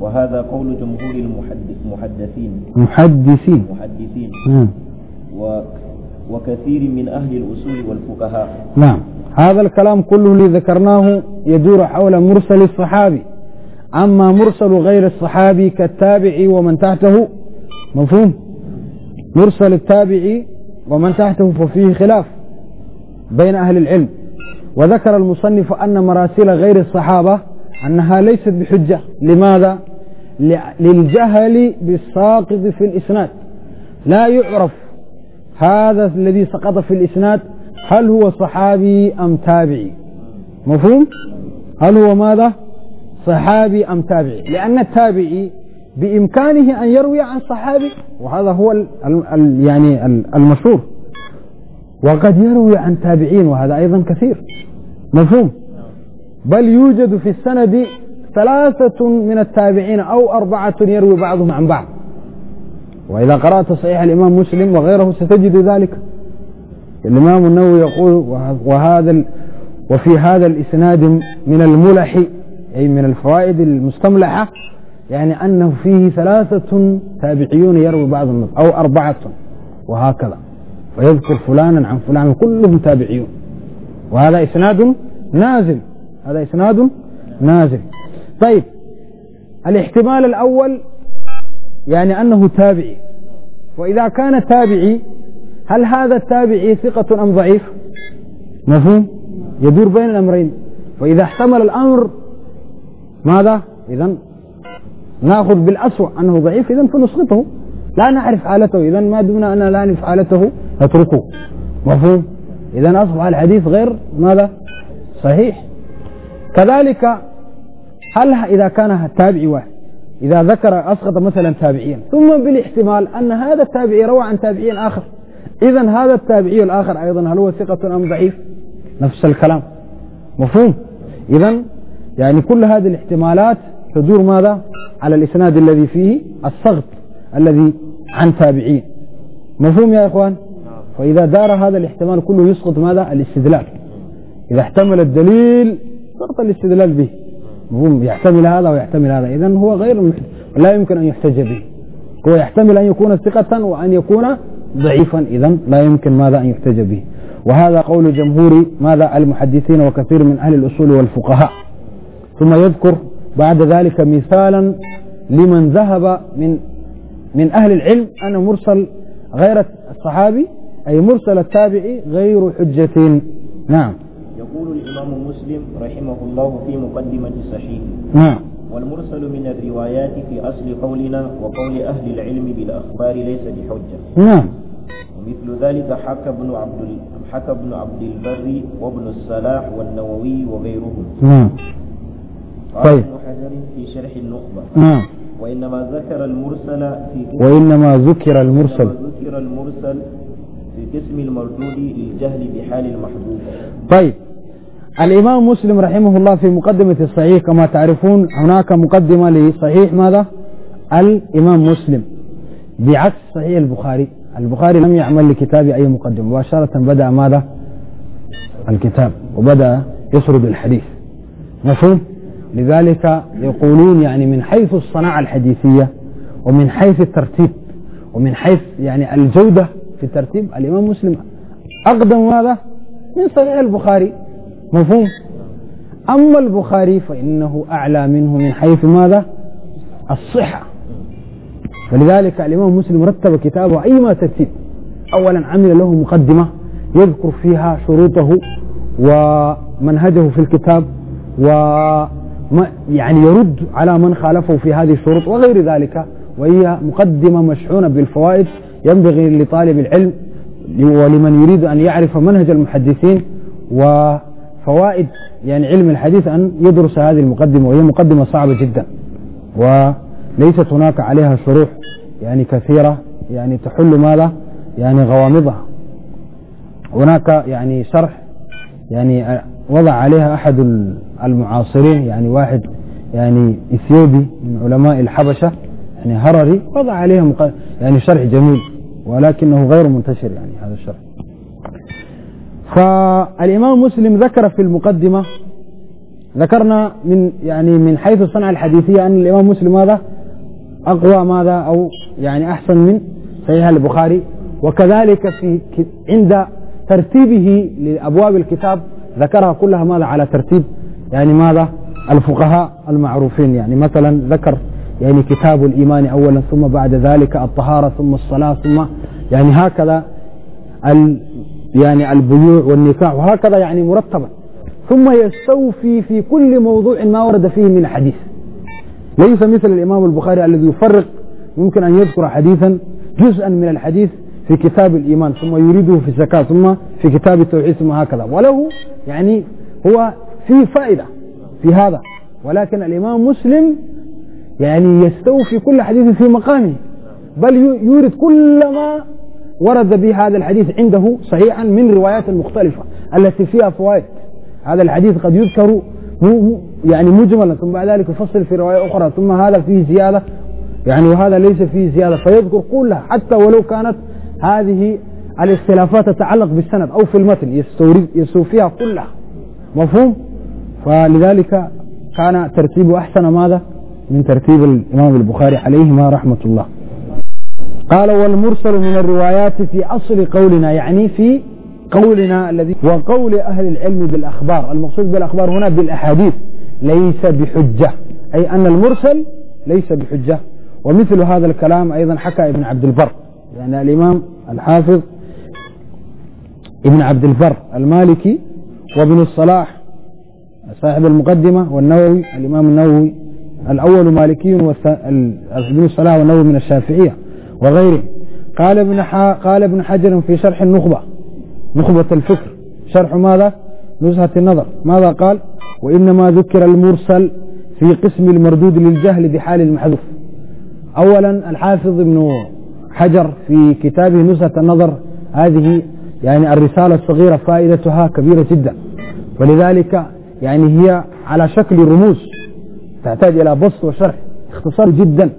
وهذا قول جمهور المحدث محدثين محدثين محدثين وكثير من أهل الأصول والفقهاء نعم هذا الكلام كله اللي ذكرناه يدور حول مرسل الصحابي أما مرسل غير الصحابي كالتابعي ومن تحته مفهوم مرسل التابعي ومن تحته ففيه خلاف بين أهل العلم وذكر المصنف أن مراسيل غير الصحابة أنها ليست بحجة لماذا؟ للجهل بالساقط في الإسناد لا يعرف هذا الذي سقط في الإسناد هل هو صحابي أم تابعي مفهوم؟ هل هو ماذا؟ صحابي أم تابعي لأن التابعي بإمكانه أن يروي عن صحابي وهذا هو الـ الـ يعني المشهور وقد يروي عن تابعين وهذا أيضا كثير مفهوم بل يوجد في السند ثلاثة من التابعين أو أربعة يروي بعضهم عن بعض وإذا قرأت صحيح الإمام مسلم وغيره ستجد ذلك الإمام النووي يقول وهذا وفي هذا الإسناد من الملح أي من الفوائد المستملحة يعني أنه فيه ثلاثة تابعيون يروي بعضهم أو أربعة وهكذا ويذكر فلانا عن فلان وكلهم تابعيون وهذا إسناد نازل هذا إسناد نازل طيب الاحتمال الأول يعني أنه تابعي وإذا كان تابعي هل هذا التابعي ثقة أم ضعيف مفهوم يدور بين الأمرين فإذا احتمل الأمر ماذا إذا نأخذ بالأسوأ أنه ضعيف إذا فنسقطه لا نعرف حالته إذا ما دمنا أننا لا نعرف حالته نتركه مفهوم إذا أصبح الحديث غير ماذا صحيح كذلك هل إذا كان التابعي واحد إذا ذكر أسقط مثلا تابعيا ثم بالاحتمال أن هذا التابعي روى عن تابعي آخر إذا هذا التابعي الآخر أيضا هل هو ثقة أم ضعيف نفس الكلام مفهوم إذا يعني كل هذه الاحتمالات تدور ماذا على الإسناد الذي فيه الصغط الذي عن تابعين مفهوم يا إخوان فإذا دار هذا الاحتمال كله يسقط ماذا الاستدلال إذا احتمل الدليل سقط الاستدلال به مفهوم يحتمل هذا ويحتمل هذا إذا هو غير لا يمكن أن يحتج به هو يحتمل أن يكون ثقة وأن يكون ضعيفا إذا لا يمكن ماذا أن يحتج به وهذا قول جمهور ماذا المحدثين وكثير من أهل الأصول والفقهاء ثم يذكر بعد ذلك مثالا لمن ذهب من من أهل العلم أنا مرسل غير الصحابي أي مرسل التابعي غير حجة نعم يقول الإمام مسلم رحمه الله في مقدمة صحيح نعم والمرسل من الروايات في أصل قولنا وقول أهل العلم بالأخبار ليس بحجة نعم ومثل ذلك حكى ابن عبد حكى ابن عبد البر وابن الصلاح والنووي وغيرهم نعم طيب. قال ابن حجر في شرح النخبة نعم وإنما ذكر المرسل في وإنما ذكر المرسل ذكر المرسل في قسم المردود للجهل بحال المحدود طيب الإمام مسلم رحمه الله في مقدمة الصحيح كما تعرفون هناك مقدمة لصحيح ماذا الإمام مسلم بعكس صحيح البخاري البخاري لم يعمل لكتابه أي مقدمة مباشرة بدأ ماذا الكتاب وبدأ يسرد الحديث مفهوم لذلك يقولون يعني من حيث الصناعة الحديثية ومن حيث الترتيب ومن حيث يعني الجودة في الترتيب الإمام مسلم أقدم ماذا من صحيح البخاري مفهوم أما البخاري فإنه أعلى منه من حيث ماذا الصحة ولذلك الإمام مسلم رتب كتابه أيما ترتيب أولا عمل له مقدمة يذكر فيها شروطه ومنهجه في الكتاب و يعني يرد على من خالفه في هذه الشروط وغير ذلك وهي مقدمة مشحونة بالفوائد ينبغي لطالب العلم ولمن يريد أن يعرف منهج المحدثين وفوائد يعني علم الحديث أن يدرس هذه المقدمة وهي مقدمة صعبة جدا وليست هناك عليها شروح يعني كثيرة يعني تحل ماذا يعني غوامضها هناك يعني شرح يعني وضع عليها أحد المعاصرين يعني واحد يعني إثيوبي من علماء الحبشة يعني هرري وضع عليها يعني شرح جميل ولكنه غير منتشر يعني هذا الشرح فالإمام مسلم ذكر في المقدمة ذكرنا من يعني من حيث الصنعة الحديثية أن الإمام مسلم ماذا أقوى ماذا أو يعني أحسن من صحيح البخاري وكذلك في عند ترتيبه لأبواب الكتاب ذكرها كلها ماذا على ترتيب يعني ماذا الفقهاء المعروفين يعني مثلا ذكر يعني كتاب الإيمان أولا ثم بعد ذلك الطهارة ثم الصلاة ثم يعني هكذا ال يعني البيوع والنكاح وهكذا يعني مرتبة ثم يستوفي في كل موضوع ما ورد فيه من حديث ليس مثل الإمام البخاري الذي يفرق ممكن أن يذكر حديثا جزءا من الحديث في كتاب الإيمان ثم يريده في الزكاة ثم في كتاب التوحيد ثم هكذا وله يعني هو فيه فائدة في هذا ولكن الإمام مسلم يعني يستوفي كل حديث في مقامه بل يورد كل ما ورد به هذا الحديث عنده صحيحا من روايات مختلفة التي فيها فوائد هذا الحديث قد يذكر يعني مجملا ثم بعد ذلك يفصل في رواية أخرى ثم هذا فيه زيادة يعني وهذا ليس فيه زيادة فيذكر كلها حتى ولو كانت هذه الاختلافات تتعلق بالسند أو في المتن يستورد يسوق فيها كلها مفهوم فلذلك كان ترتيبه أحسن ماذا من ترتيب الإمام البخاري عليهما رحمة الله قال والمرسل من الروايات في أصل قولنا يعني في قولنا الذي وقول أهل العلم بالأخبار المقصود بالأخبار هنا بالأحاديث ليس بحجة أي أن المرسل ليس بحجة ومثل هذا الكلام أيضا حكى ابن عبد البر لأن يعني الإمام الحافظ ابن عبد البر المالكي وابن الصلاح صاحب المقدمة والنووي الإمام النووي الأول مالكي وابن الصلاح والنووي من الشافعية وغيره قال ابن قال ابن حجر في شرح النخبة نخبة الفكر شرح ماذا؟ نزهة النظر ماذا قال؟ وإنما ذكر المرسل في قسم المردود للجهل بحال المحذوف أولا الحافظ ابن حجر في كتابه نزهة النظر هذه يعني الرسالة الصغيرة فائدتها كبيرة جدا ولذلك يعني هي على شكل رموز تحتاج إلى بسط وشرح اختصار جدا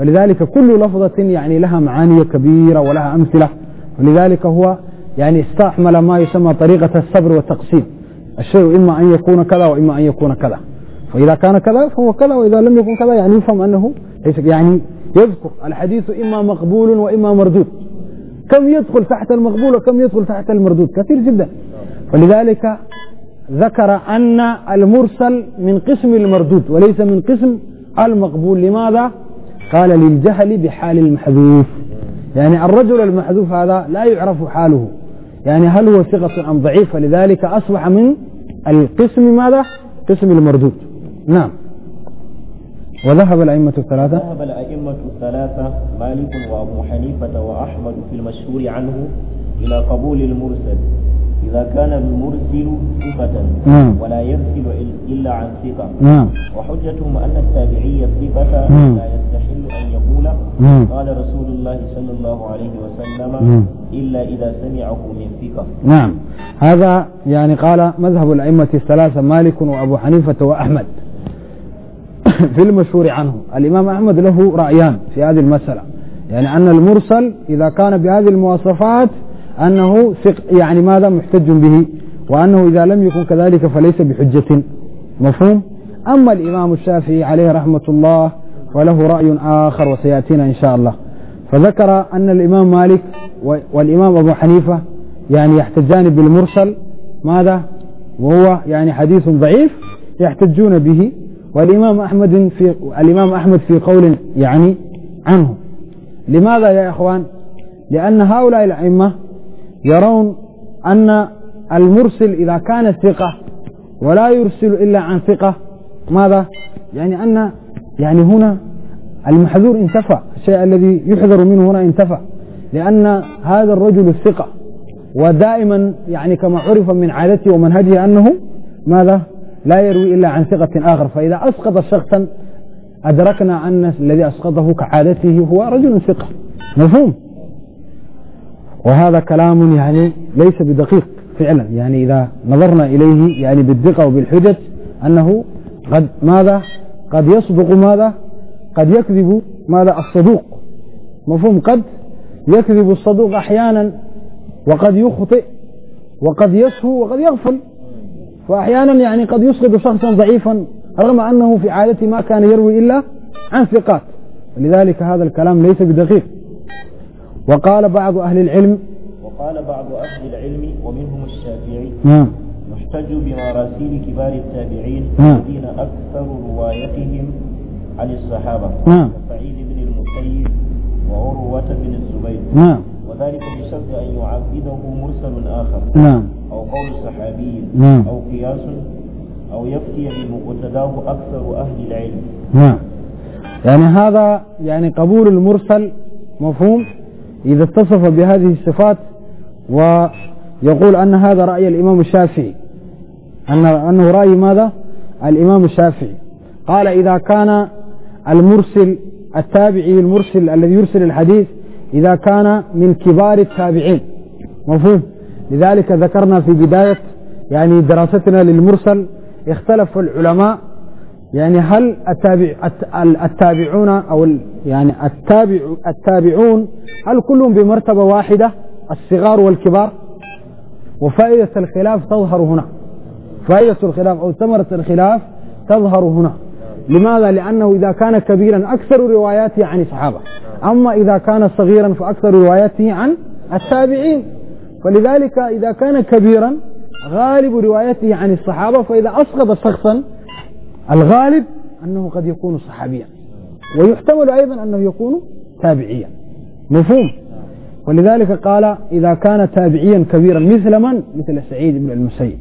ولذلك كل لفظة يعني لها معاني كبيرة ولها أمثلة ولذلك هو يعني استعمل ما يسمى طريقة الصبر والتقسيم الشيء إما أن يكون كذا وإما أن يكون كذا فإذا كان كذا فهو كذا وإذا لم يكن كذا يعني يفهم أنه ليس يعني يذكر الحديث إما مقبول وإما مردود كم يدخل تحت المقبول وكم يدخل تحت المردود كثير جدا ولذلك ذكر أن المرسل من قسم المردود وليس من قسم المقبول لماذا؟ قال للجهل بحال المحذوف يعني الرجل المحذوف هذا لا يعرف حاله يعني هل هو ثقة أم ضعيف فلذلك أصبح من القسم ماذا؟ قسم المردود نعم وذهب الأئمة الثلاثة ذهب الأئمة الثلاثة مالك وأبو حنيفة وأحمد في المشهور عنه إلى قبول المرسل إذا كان المرسل ثقة نعم. ولا يرسل إلا عن ثقة نعم. وحجتهم أن التابعي صفة نعم. لا يستحل أن يقول قال رسول الله صلى الله عليه وسلم إلا إذا سمعه من ثقة نعم هذا يعني قال مذهب الأئمة الثلاثة مالك وأبو حنيفة وأحمد (laughs) في المشهور عنه الإمام أحمد له رأيان في هذه المسألة يعني أن المرسل إذا كان بهذه المواصفات أنه ثق يعني ماذا محتج به وأنه إذا لم يكن كذلك فليس بحجة مفهوم أما الإمام الشافعي عليه رحمة الله وله رأي آخر وسيأتينا إن شاء الله فذكر أن الإمام مالك والإمام أبو حنيفة يعني يحتجان بالمرسل ماذا وهو يعني حديث ضعيف يحتجون به والإمام أحمد في الإمام أحمد في قول يعني عنه لماذا يا إخوان لأن هؤلاء الأئمة يرون أن المرسل إذا كان ثقة ولا يرسل إلا عن ثقة ماذا يعني أن يعني هنا المحذور انتفى الشيء الذي يحذر منه هنا انتفى لأن هذا الرجل الثقة ودائما يعني كما عرف من عادته ومنهجه أنه ماذا لا يروي إلا عن ثقة آخر فإذا أسقط شخصا أدركنا أن الذي أسقطه كعادته هو رجل ثقة مفهوم وهذا كلام يعني ليس بدقيق فعلا يعني إذا نظرنا إليه يعني بالدقة وبالحجج أنه قد ماذا قد يصدق ماذا قد يكذب ماذا الصدوق مفهوم قد يكذب الصدوق أحيانا وقد يخطئ وقد يسهو وقد يغفل فأحيانا يعني قد يسقط شخصا ضعيفا رغم أنه في عادته ما كان يروي إلا عن ثقات لذلك هذا الكلام ليس بدقيق وقال بعض أهل العلم وقال بعض أهل العلم ومنهم الشافعي نعم بمراسيل كبار التابعين الذين أكثر روايتهم عن الصحابة نعم كسعيد بن المسيب وعروة بن الزبير نعم وذلك بشرط أن يعبده مرسل آخر نعم أو قول صحابي نعم أو قياس أو يفتي بمقتداه أكثر أهل العلم نعم يعني هذا يعني قبول المرسل مفهوم إذا اتصف بهذه الصفات ويقول أن هذا رأي الإمام الشافعي أن أنه رأي ماذا؟ الإمام الشافعي قال إذا كان المرسل التابعي المرسل الذي يرسل الحديث إذا كان من كبار التابعين مفهوم لذلك ذكرنا في بداية يعني دراستنا للمرسل اختلف العلماء يعني هل التابع التابعون أو يعني التابع التابعون هل كلهم بمرتبة واحدة الصغار والكبار وفائدة الخلاف تظهر هنا فائدة الخلاف أو ثمرة الخلاف تظهر هنا لماذا؟ لأنه إذا كان كبيرا أكثر رواياته عن صحابة أما إذا كان صغيرا فأكثر روايته عن التابعين فلذلك إذا كان كبيرا غالب روايته عن الصحابة فإذا أسقط شخصا الغالب أنه قد يكون صحابيا ويحتمل أيضا أنه يكون تابعيا مفهوم ولذلك قال إذا كان تابعيا كبيرا مثل من؟ مثل سعيد بن المسيب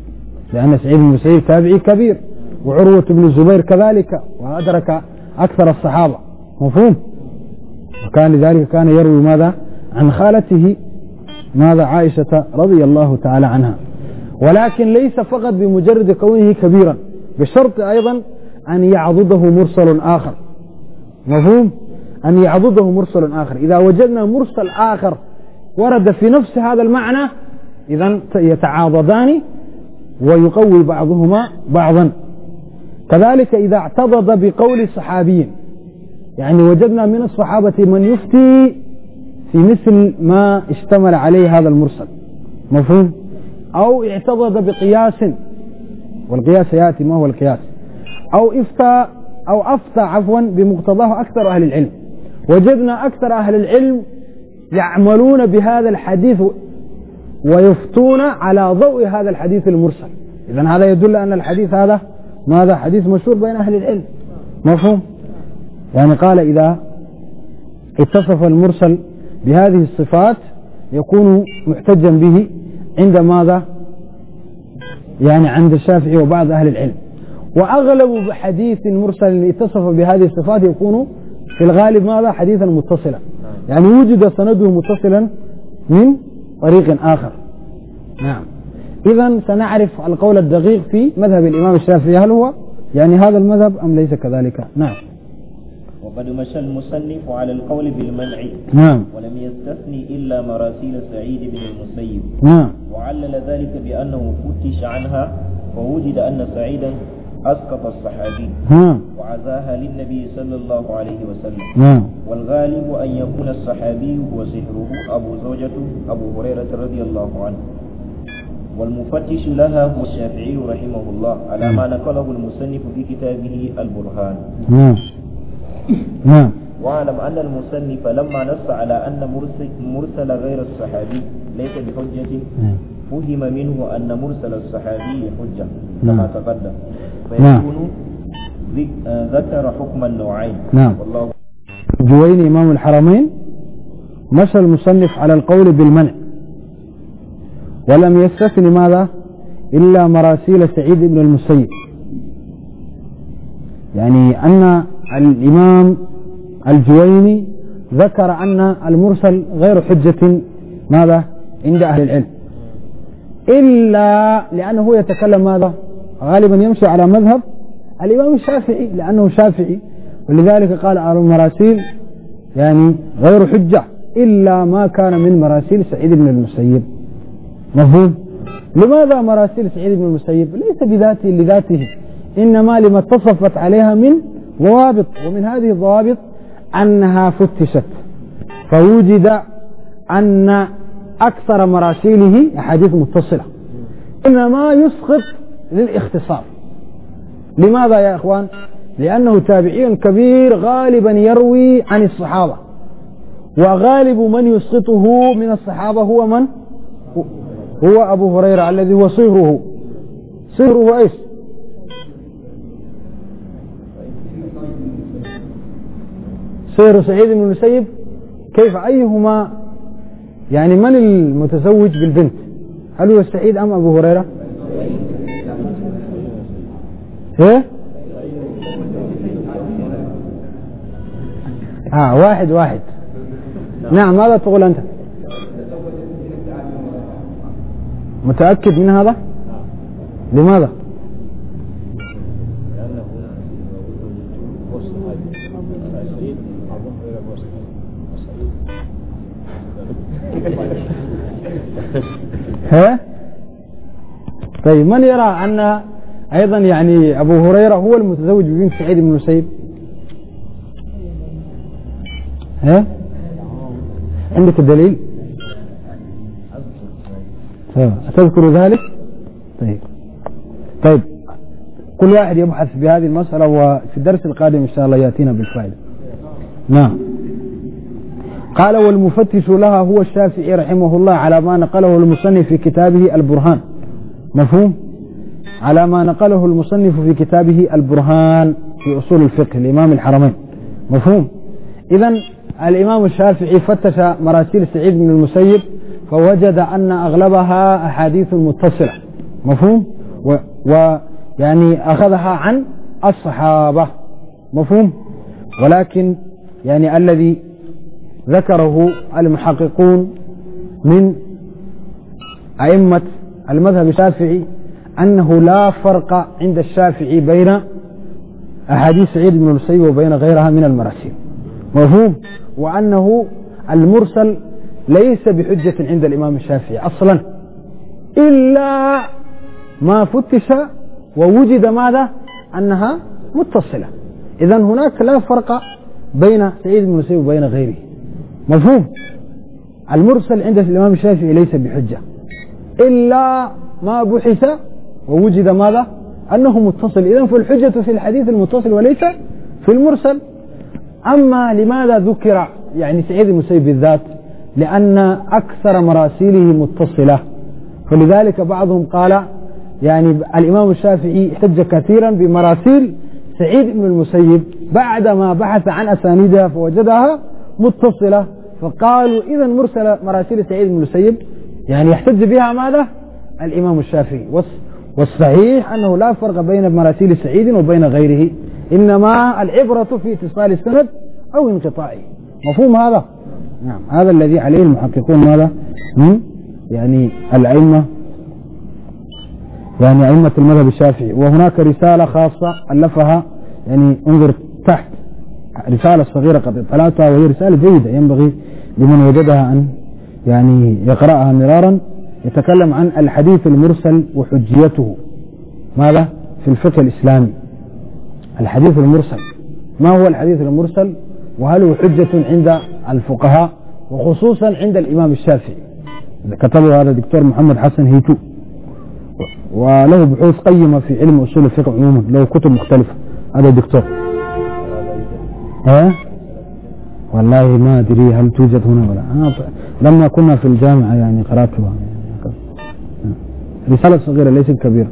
لأن سعيد بن المسيب تابعي كبير وعروة بن الزبير كذلك وأدرك أكثر الصحابة مفهوم؟ وكان لذلك كان يروي ماذا عن خالته ماذا عائشة رضي الله تعالى عنها ولكن ليس فقط بمجرد كونه كبيرا بشرط أيضا أن يعضده مرسل آخر مفهوم أن يعضده مرسل آخر إذا وجدنا مرسل آخر ورد في نفس هذا المعنى إذا يتعاضدان ويقوي بعضهما بعضا كذلك إذا اعتضد بقول صحابي يعني وجدنا من الصحابة من يفتي في مثل ما اشتمل عليه هذا المرسل مفهوم أو اعتضد بقياس والقياس يأتي ما هو القياس أو افتى أو أفتى عفوا بمقتضاه أكثر أهل العلم وجدنا أكثر أهل العلم يعملون بهذا الحديث ويفتون على ضوء هذا الحديث المرسل إذا هذا يدل أن الحديث هذا ماذا حديث مشهور بين أهل العلم مفهوم يعني قال إذا اتصف المرسل بهذه الصفات يكون محتجا به عند ماذا يعني عند الشافعي وبعض أهل العلم وأغلب حديث مرسل اتصف بهذه الصفات يكون في الغالب ماذا حديثا متصلا يعني وجد سنده متصلا من طريق آخر نعم إذا سنعرف القول الدقيق في مذهب الإمام الشافعي هل هو يعني هذا المذهب أم ليس كذلك نعم وقد مشى المصنف على القول بالمنع نعم ولم يستثني إلا مراسيل سعيد بن المسيب نعم وعلل ذلك بأنه فتش عنها فوجد أن سعيدا أسقط الصحابي نعم وعزاها للنبي صلى الله عليه وسلم نعم والغالب أن يكون الصحابي وسحره أبو زوجته أبو هريرة رضي الله عنه والمفتش لها هو الشافعي رحمه الله على نعم. ما نقله المصنف في كتابه البرهان نعم نعم واعلم ان المصنف لما نص على ان مرسل, مرسل غير الصحابي ليس بحجة نعم. فهم منه ان مرسل الصحابي حجة كما نعم. تقدم نعم. فيكون آه، ذكر حكم النوعين نعم والله جوين امام الحرمين مشى المصنف على القول بالمنع ولم يستثن ماذا إلا مراسيل سعيد بن المسيب يعني أن الإمام الجويني ذكر أن المرسل غير حجة ماذا عند أهل العلم إلا لأنه يتكلم ماذا غالبا يمشي على مذهب الإمام الشافعي لأنه شافعي ولذلك قال على المراسيل يعني غير حجة إلا ما كان من مراسيل سعيد بن المسيب مفهوم لماذا مراسيل سعيد بن المسيب ليس بذاته لذاته إنما لما اتصفت عليها من ضوابط ومن هذه الضوابط أنها فتشت فوجد أن أكثر مراسيله أحاديث متصلة إنما يسقط للاختصار لماذا يا إخوان لأنه تابعي كبير غالبا يروي عن الصحابة وغالب من يسقطه من الصحابة هو من هو أبو هريرة الذي هو صهره صهره إيش سير سعيد بن المسيب كيف أيهما يعني من المتزوج بالبنت هل هو سعيد أم أبو هريرة ايه اه واحد واحد نعم ماذا تقول أنت متأكد من هذا لماذا طيب من يرى أن أيضا يعني أبو هريرة هو المتزوج ببنت سعيد بن المسيب ها عندك الدليل طيب، أتذكر ذلك طيب طيب كل واحد يبحث بهذه المسألة وفي الدرس القادم إن شاء الله يأتينا بالفائدة نعم قال والمفتش لها هو الشافعي رحمه الله على ما نقله المصنف في كتابه البرهان مفهوم على ما نقله المصنف في كتابه البرهان في أصول الفقه الإمام الحرمين مفهوم إذا الإمام الشافعي فتش مراسيل سعيد بن المسيب فوجد أن أغلبها أحاديث متصلة مفهوم ويعني و... يعني أخذها عن الصحابة مفهوم ولكن يعني الذي ذكره المحققون من أئمة المذهب الشافعي أنه لا فرق عند الشافعي بين أحاديث سعيد بن المسيب وبين غيرها من المراسيل مفهوم وأنه المرسل ليس بحجة عند الإمام الشافعي أصلا إلا ما فتش ووجد ماذا أنها متصلة إذا هناك لا فرق بين سعيد بن المسيب وبين غيره مفهوم المرسل عند الإمام الشافعي ليس بحجة إلا ما بحث ووجد ماذا أنه متصل إذا فالحجة في الحديث المتصل وليس في المرسل أما لماذا ذكر يعني سعيد المسيب بالذات لأن أكثر مراسيله متصلة فلذلك بعضهم قال يعني الإمام الشافعي احتج كثيرا بمراسيل سعيد بن المسيب بعدما بحث عن أسانيدها فوجدها متصلة فقالوا إذا مرسل مراسيل سعيد بن المسيب يعني يحتج بها ماذا؟ الإمام الشافعي والصحيح أنه لا فرق بين مراسيل سعيد وبين غيره إنما العبرة في اتصال السند أو انقطاعه مفهوم هذا؟ نعم هذا الذي عليه المحققون ماذا؟ يعني العلمة يعني أئمة المذهب الشافعي وهناك رسالة خاصة ألفها يعني انظر رسالة صغيرة قد اطلعتها وهي رسالة جيدة ينبغي لمن وجدها أن يعني يقرأها مرارا يتكلم عن الحديث المرسل وحجيته ماذا في الفقه الإسلامي الحديث المرسل ما هو الحديث المرسل وهل هو حجة عند الفقهاء وخصوصا عند الإمام الشافعي كتبه هذا الدكتور محمد حسن هيتو وله بحوث قيمة في علم أصول الفقه عموما له كتب مختلفة هذا الدكتور ها والله ما أدري هل توجد هنا ولا أنا لما كنا في الجامعة يعني قرأتها رسالة صغيرة ليست كبيرة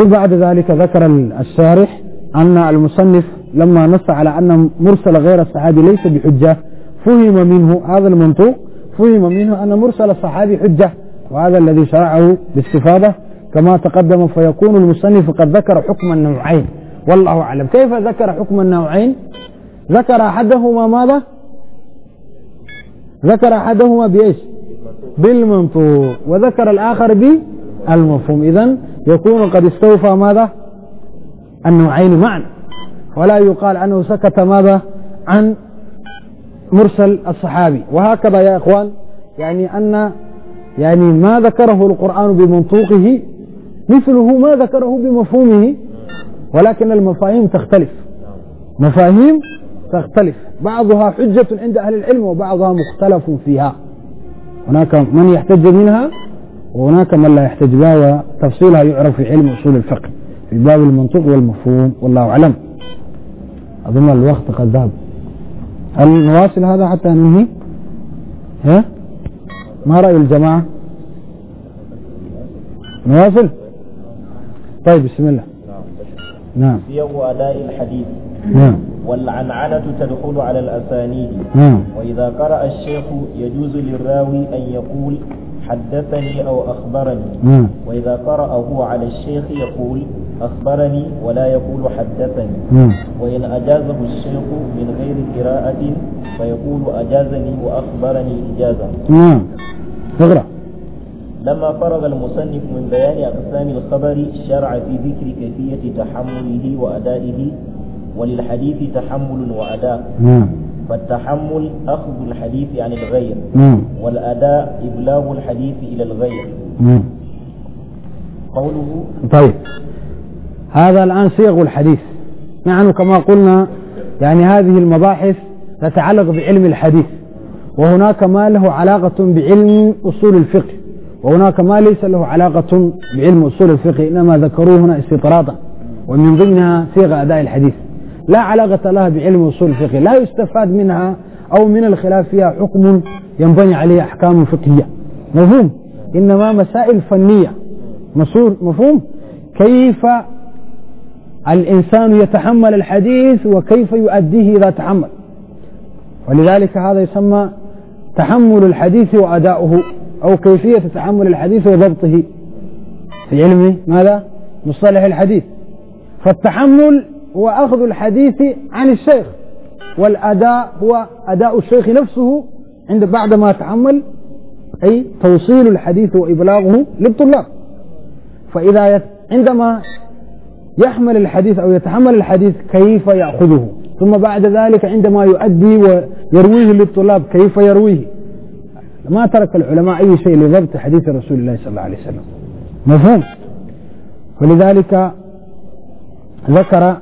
وبعد ذلك ذكر الشارح أن المصنف لما نص على أن مرسل غير الصحابي ليس بحجة فهم منه هذا المنطوق فهم منه أن مرسل الصحابي حجة وهذا الذي شرعه باستفاضة كما تقدم فيكون المصنف قد ذكر حكم النوعين والله أعلم كيف ذكر حكم النوعين ذكر أحدهما ماذا ذكر أحدهما بإيش بالمنطوق وذكر الآخر بالمفهوم إذا يكون قد استوفى ماذا النوعين معا ولا يقال أنه سكت ماذا عن مرسل الصحابي وهكذا يا إخوان يعني أن يعني ما ذكره القرآن بمنطوقه مثله ما ذكره بمفهومه ولكن المفاهيم تختلف مفاهيم تختلف بعضها حجة عند أهل العلم وبعضها مختلف فيها هناك من يحتج منها وهناك من لا يحتج بها وتفصيلها يعرف في علم أصول الفقه في باب المنطق والمفهوم والله أعلم أظن الوقت قد ذهب هل نواصل هذا حتى ننهي؟ ها؟ ما رأي الجماعة؟ نواصل؟ طيب بسم الله نعم سيغ أداء الحديث نعم والعنعنة تدخل على الأسانيد نعم وإذا قرأ الشيخ يجوز للراوي أن يقول حدثني أو أخبرني نعم وإذا قرأ هو على الشيخ يقول أخبرني ولا يقول حدثني نعم وإن أجازه الشيخ من غير قراءة فيقول أجازني وأخبرني إجازة نعم تقرأ لما فرغ المصنف من بيان أقسام الخبر شرع في ذكر كيفية تحمله وأدائه وللحديث تحمل وأداء نعم فالتحمل أخذ الحديث عن الغير نعم والأداء إبلاغ الحديث إلى الغير نعم قوله طيب هذا الآن صيغ الحديث نحن كما قلنا يعني هذه المباحث تتعلق بعلم الحديث وهناك ما له علاقة بعلم أصول الفقه وهناك ما ليس له علاقة بعلم أصول الفقه إنما ذكروه هنا استطرادا ومن ضمنها صيغة أداء الحديث لا علاقة لها بعلم أصول الفقه لا يستفاد منها أو من الخلاف فيها حكم ينبني عليه أحكام فقهية مفهوم إنما مسائل فنية مفهوم كيف الإنسان يتحمل الحديث وكيف يؤديه إذا تحمل ولذلك هذا يسمى تحمل الحديث وأداؤه أو كيفية تحمل الحديث وضبطه في علم ماذا؟ مصطلح الحديث فالتحمل هو أخذ الحديث عن الشيخ والأداء هو أداء الشيخ نفسه عند بعد ما تحمل أي توصيل الحديث وإبلاغه للطلاب فإذا عندما يحمل الحديث أو يتحمل الحديث كيف يأخذه ثم بعد ذلك عندما يؤدي ويرويه للطلاب كيف يرويه ما ترك العلماء أي شيء لضبط حديث رسول الله صلى الله عليه وسلم مفهوم ولذلك ذكر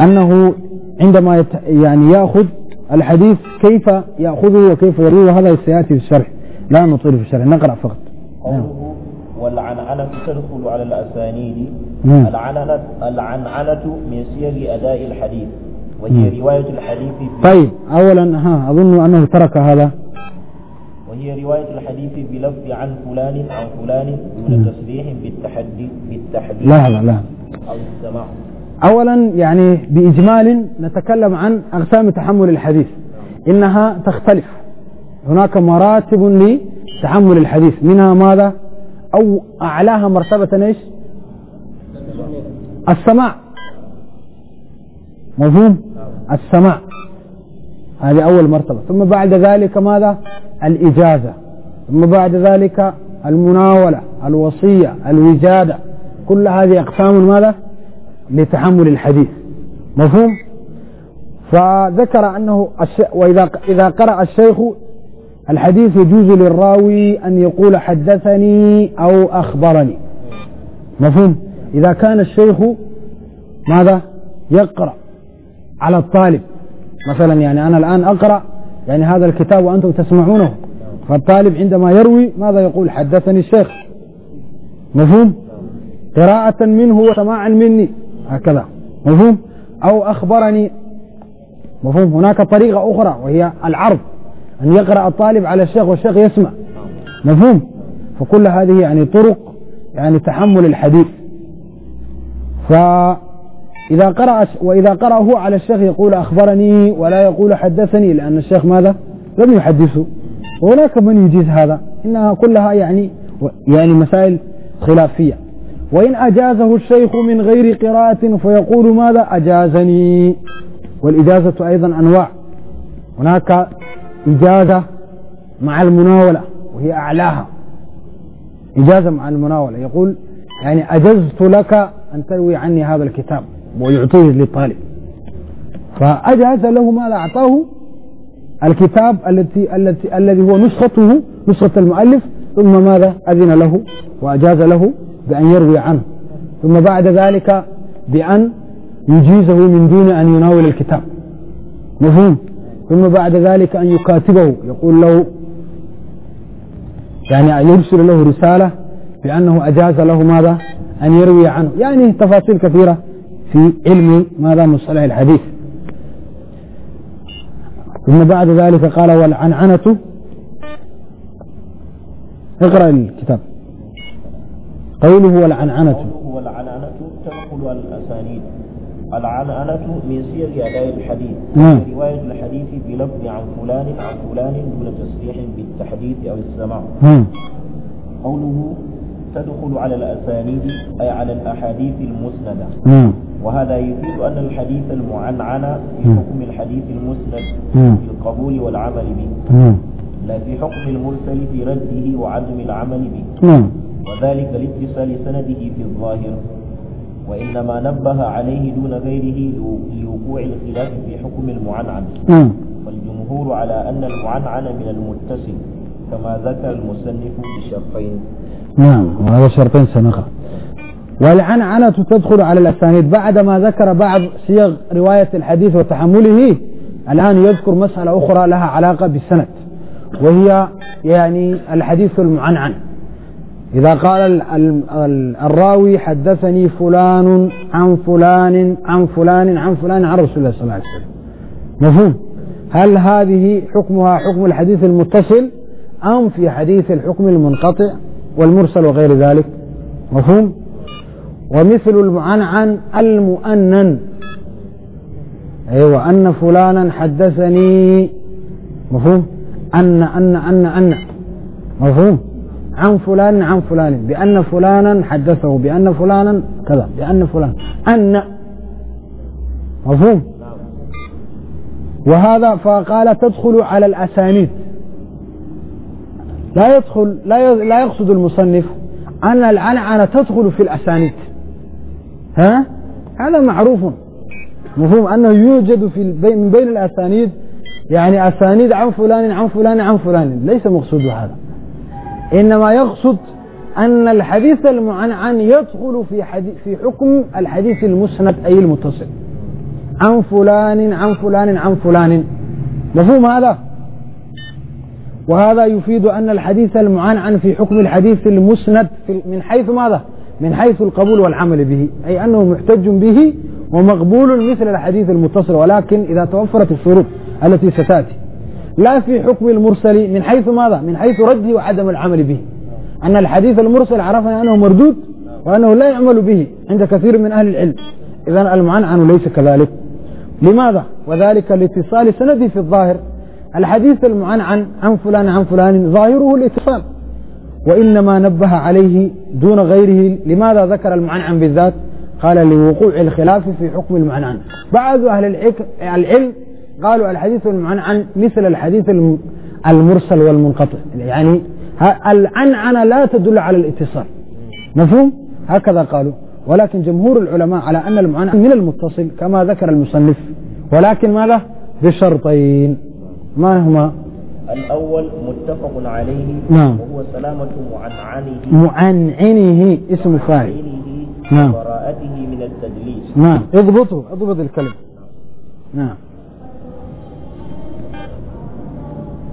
أنه عندما يعني يأخذ الحديث كيف يأخذه وكيف يرويه وهذا سيأتي في الشرح لا نطيل في الشرح نقرأ فقط قوله والعنعنة تدخل على الأسانيد نعم. العنعنة, العنعنة من سير أداء الحديث وهي رواية الحديث طيب أولا ها أظن أنه ترك هذا وهي رواية الحديث بلفظ عن فلان عن فلان دون تصريح بالتحدي بالتحديد لا لا لا أو السماع أولا يعني بإجمال نتكلم عن أقسام تحمل الحديث إنها تختلف هناك مراتب لتحمل الحديث منها ماذا أو أعلاها مرتبة إيش السماع مفهوم السماع هذه أول مرتبة ثم بعد ذلك ماذا الإجازة ثم بعد ذلك المناولة الوصية الوجادة كل هذه أقسام ماذا لتحمل الحديث مفهوم فذكر أنه وإذا إذا قرأ الشيخ الحديث يجوز للراوي أن يقول حدثني أو أخبرني مفهوم إذا كان الشيخ ماذا يقرأ على الطالب مثلا يعني أنا الآن أقرأ يعني هذا الكتاب وأنتم تسمعونه فالطالب عندما يروي ماذا يقول حدثني الشيخ مفهوم قراءة منه وسماعا مني هكذا مفهوم أو أخبرني مفهوم هناك طريقة أخرى وهي العرض أن يقرأ الطالب على الشيخ والشيخ يسمع مفهوم فكل هذه يعني طرق يعني تحمل الحديث ف إذا قرأ وإذا قرأه على الشيخ يقول أخبرني ولا يقول حدثني لأن الشيخ ماذا لم يحدثه وهناك من يجيز هذا إنها كلها يعني يعني مسائل خلافية وإن أجازه الشيخ من غير قراءة فيقول ماذا أجازني والإجازة أيضا أنواع هناك إجازة مع المناولة وهي أعلاها إجازة مع المناولة يقول يعني أجزت لك أن تروي عني هذا الكتاب ويعطيه للطالب فأجهز له ما أعطاه الكتاب التي التي الذي هو نسخته نسخة المؤلف ثم ماذا أذن له وأجاز له بأن يروي عنه ثم بعد ذلك بأن يجيزه من دون أن يناول الكتاب مفهوم ثم بعد ذلك أن يكاتبه يقول له يعني يرسل له رسالة بأنه أجاز له ماذا أن يروي عنه يعني تفاصيل كثيرة في علم ماذا مصطلح الحديث ثم بعد ذلك قال والعنعنة اقرأ الكتاب قوله والعنعنة قوله والعنعنة تنقل الأسانيد العنعنة من سير أداء الحديث نعم. رواية الحديث بلفظ عن فلان عن فلان دون تصريح بالتحديث أو السماع نعم. قوله تدخل على الأسانيد أي على الأحاديث المسندة نعم. وهذا يفيد أن الحديث المعنعن في حكم الحديث المسند في القبول والعمل به لا في حكم المرسل في رده وعدم العمل به وذلك لاتصال سنده في الظاهر وإنما نبه عليه دون غيره لوقوع الخلاف في حكم المعنعن والجمهور على أن المعنعن من المتصل كما ذكر المصنف بشرطين نعم وهذا شرطين سنخه والعنعنة تدخل على الأسانيد بعدما ذكر بعض صيغ رواية الحديث وتحمله الآن يذكر مسألة أخرى لها علاقة بالسند وهي يعني الحديث المعنعن إذا قال الراوي حدثني فلان عن فلان عن فلان عن فلان عن رسول الله صلى الله عليه وسلم مفهوم هل هذه حكمها حكم الحديث المتصل أم في حديث الحكم المنقطع والمرسل وغير ذلك مفهوم ومثل المعنعن المؤنن أيوة أن فلانا حدثني مفهوم أن أن أن أن مفهوم عن فلان عن فلان بأن فلانا حدثه بأن فلانا كذا بأن فلان أن مفهوم وهذا فقال تدخل على الأسانيد لا يدخل لا لا يقصد المصنف أن العنعنة تدخل في الأسانيد ها هذا معروف مفهوم أنه يوجد في من بين الأسانيد يعني أسانيد عن فلان عن فلان عن فلان ليس مقصود هذا إنما يقصد أن الحديث المعنعن يدخل في حديث في حكم الحديث المسند أي المتصل عن فلان عن فلان عن فلان مفهوم هذا وهذا يفيد أن الحديث المعنعن في حكم الحديث المسند من حيث ماذا من حيث القبول والعمل به أي أنه محتج به ومقبول مثل الحديث المتصل ولكن إذا توفرت الشروط التي ستأتي لا في حكم المرسل من حيث ماذا من حيث رده وعدم العمل به أن الحديث المرسل عرفنا أنه مردود وأنه لا يعمل به عند كثير من أهل العلم إذا المعنعن ليس كذلك لماذا وذلك لاتصال سندي في الظاهر الحديث المعنعن عن فلان عن فلان ظاهره الاتصال وإنما نبه عليه دون غيره لماذا ذكر المعنعن بالذات قال لوقوع الخلاف في حكم المعنعن بعض أهل العلم قالوا الحديث المعنعن مثل الحديث المرسل والمنقطع يعني العنعنة لا تدل على الاتصال مفهوم هكذا قالوا ولكن جمهور العلماء على أن المعنعن من المتصل كما ذكر المصنف ولكن ماذا بشرطين ما هما الأول متفق عليه نعم وهو سلامة معنعنه معنعنه اسم فاعل نعم براءته من التدليس نعم اضبطه اضبط الكلمة نعم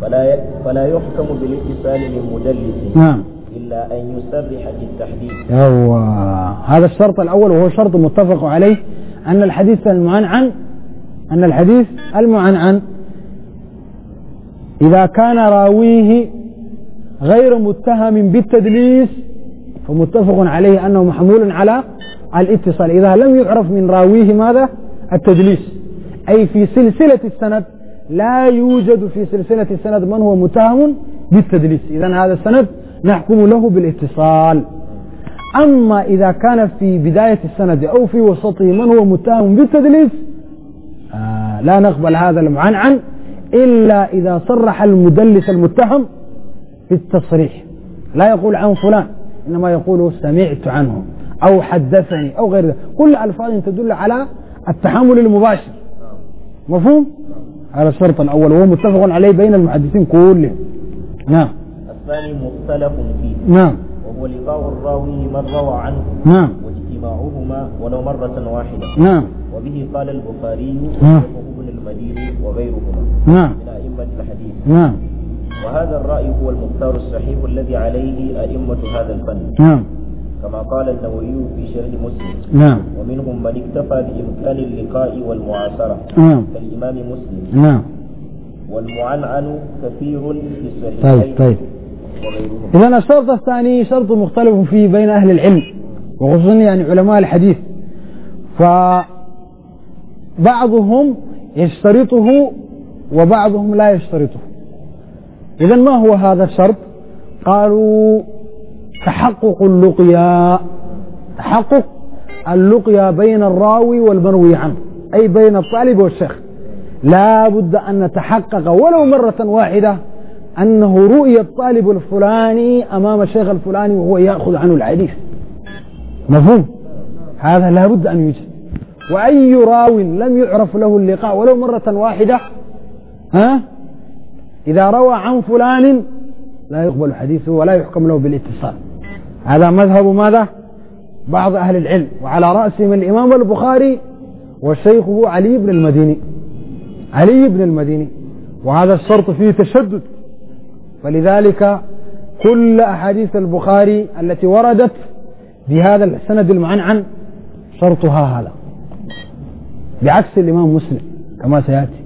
فلا فلا يحكم بالاتصال للمدلس نعم إلا أن يسرح بالتحديد أوه. هذا الشرط الأول وهو شرط متفق عليه أن الحديث المعنعن أن الحديث المعنعن إذا كان راويه غير متهم بالتدليس فمتفق عليه أنه محمول على الاتصال إذا لم يعرف من راويه ماذا التدليس أي في سلسلة السند لا يوجد في سلسلة السند من هو متهم بالتدليس إذا هذا السند نحكم له بالاتصال أما إذا كان في بداية السند أو في وسطه من هو متهم بالتدليس آه لا نقبل هذا المعنعن إلا إذا صرح المدلس المتهم بالتصريح لا يقول عن فلان إنما يقول سمعت عنه أو حدثني أو غير ذلك كل ألفاظ تدل على التحمل المباشر مفهوم؟ على الشرط الأول وهو متفق عليه بين المحدثين كلهم نعم الثاني مختلف فيه نعم وهو لقاء الراوي من روى عنه نعم واجتماعهما ولو مرة واحدة نعم وبه قال البخاري نعم المديري المديني وغيرهما نعم من أئمة الحديث نعم وهذا الرأي هو المختار الصحيح الذي عليه أئمة هذا الفن نعم كما قال النووي في شرح مسلم نعم ومنهم من اكتفى بإمكان اللقاء والمعاصرة نعم كالإمام مسلم نعم والمعنعن كثير في الصحيحين طيب طيب إذا الشرط الثاني شرط مختلف فيه بين أهل العلم وخصوصا يعني علماء الحديث فبعضهم يشترطه وبعضهم لا يشترطه إذا ما هو هذا الشرط قالوا تحقق اللقيا تحقق اللقيا بين الراوي والمروي عنه أي بين الطالب والشيخ لا بد أن نتحقق ولو مرة واحدة أنه رؤي الطالب الفلاني أمام الشيخ الفلاني وهو يأخذ عنه الحديث مفهوم هذا لا بد أن يوجد وأي راو لم يعرف له اللقاء ولو مرة واحدة ها إذا روى عن فلان لا يقبل حديثه ولا يحكم له بالاتصال هذا مذهب ماذا بعض أهل العلم وعلى رأسهم الإمام البخاري وشيخه علي بن المديني علي بن المديني وهذا الشرط فيه تشدد فلذلك كل أحاديث البخاري التي وردت بهذا السند المعنعن شرطها هذا بعكس الإمام مسلم كما سيأتي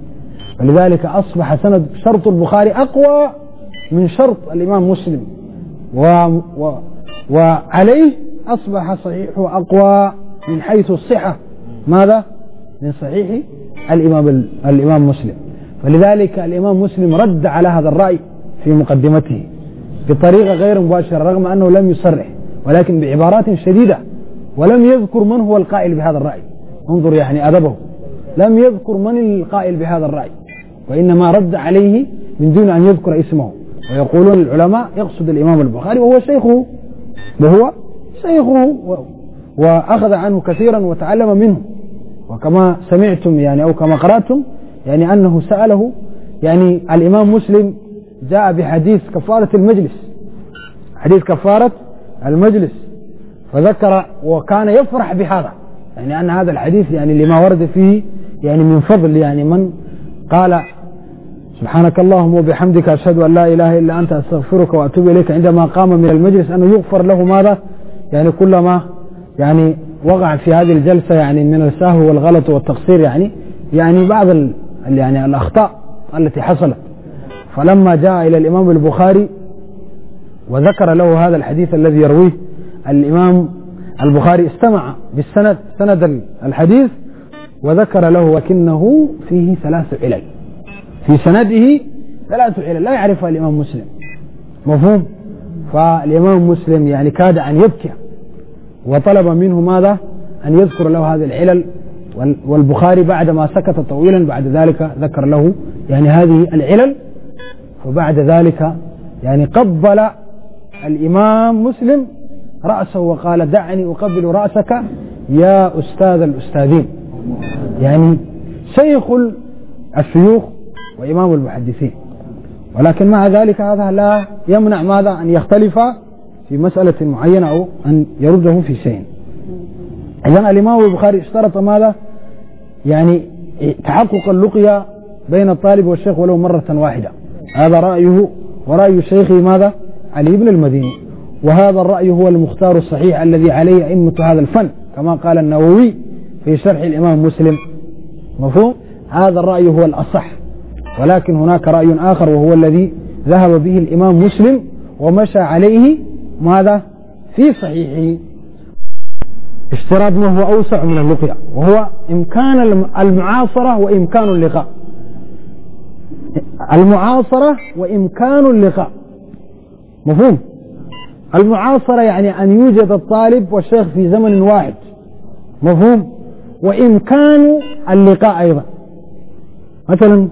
ولذلك أصبح سند شرط البخاري أقوى من شرط الإمام مسلم و و وعليه أصبح صحيحه أقوى من حيث الصحة ماذا؟ من صحيح الإمام, الإمام مسلم فلذلك الإمام مسلم رد على هذا الرأي في مقدمته بطريقة غير مباشرة رغم أنه لم يصرح ولكن بعبارات شديدة ولم يذكر من هو القائل بهذا الرأي انظر يعني أدبه لم يذكر من القائل بهذا الرأي وإنما رد عليه من دون أن يذكر اسمه ويقولون العلماء يقصد الإمام البخاري وهو شيخه وهو شيخه وأخذ عنه كثيرا وتعلم منه وكما سمعتم يعني أو كما قرأتم يعني أنه سأله يعني الإمام مسلم جاء بحديث كفارة المجلس حديث كفارة المجلس فذكر وكان يفرح بهذا يعني أن هذا الحديث يعني لما ورد فيه يعني من فضل يعني من قال سبحانك اللهم وبحمدك أشهد أن لا إله إلا أنت أستغفرك وأتوب إليك عندما قام من المجلس أنه يغفر له ماذا يعني كلما يعني وقع في هذه الجلسة يعني من السهو والغلط والتقصير يعني يعني بعض ال يعني الأخطاء التي حصلت فلما جاء إلى الإمام البخاري وذكر له هذا الحديث الذي يرويه الإمام البخاري استمع بالسند سند الحديث وذكر له ولكنه فيه ثلاث علل في سنده ثلاث علل لا يعرفها الإمام مسلم مفهوم فالإمام مسلم يعني كاد أن يبكي وطلب منه ماذا أن يذكر له هذه العلل والبخاري بعد ما سكت طويلا بعد ذلك ذكر له يعني هذه العلل وبعد ذلك يعني قبل الإمام مسلم رأسه وقال دعني أقبل رأسك يا أستاذ الأستاذين يعني شيخ الشيوخ وإمام المحدثين ولكن مع ذلك هذا لا يمنع ماذا أن يختلف في مسألة معينة أو أن يرده في شيء إذا الإمام البخاري اشترط ماذا يعني تحقق اللقية بين الطالب والشيخ ولو مرة واحدة هذا رأيه ورأي شيخه ماذا علي بن المديني وهذا الرأي هو المختار الصحيح الذي عليه أئمة هذا الفن كما قال النووي في شرح الإمام مسلم مفهوم هذا الرأي هو الأصح ولكن هناك رأي آخر وهو الذي ذهب به الإمام مسلم ومشى عليه ماذا في صحيحه اشتراط ما هو أوسع من اللقيا وهو إمكان المعاصرة وإمكان اللقاء المعاصرة وإمكان اللقاء مفهوم المعاصرة يعني أن يوجد الطالب والشيخ في زمن واحد مفهوم وإمكان اللقاء أيضا مثلا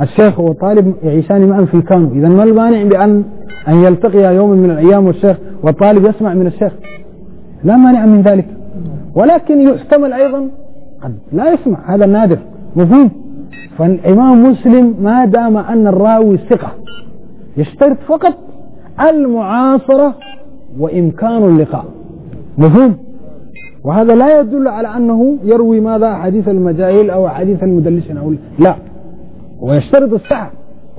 الشيخ والطالب يعيشان معا في الكون إذا ما المانع بأن أن يلتقي يوم من الأيام والشيخ والطالب يسمع من الشيخ لا مانع من ذلك ولكن يحتمل أيضا قد لا يسمع هذا نادر مفهوم فالإمام مسلم ما دام أن الراوي ثقة يشترط فقط المعاصرة وإمكان اللقاء مفهوم وهذا لا يدل على أنه يروي ماذا حديث المجاهيل أو حديث المدلشن أو لا هو يشترط الصحة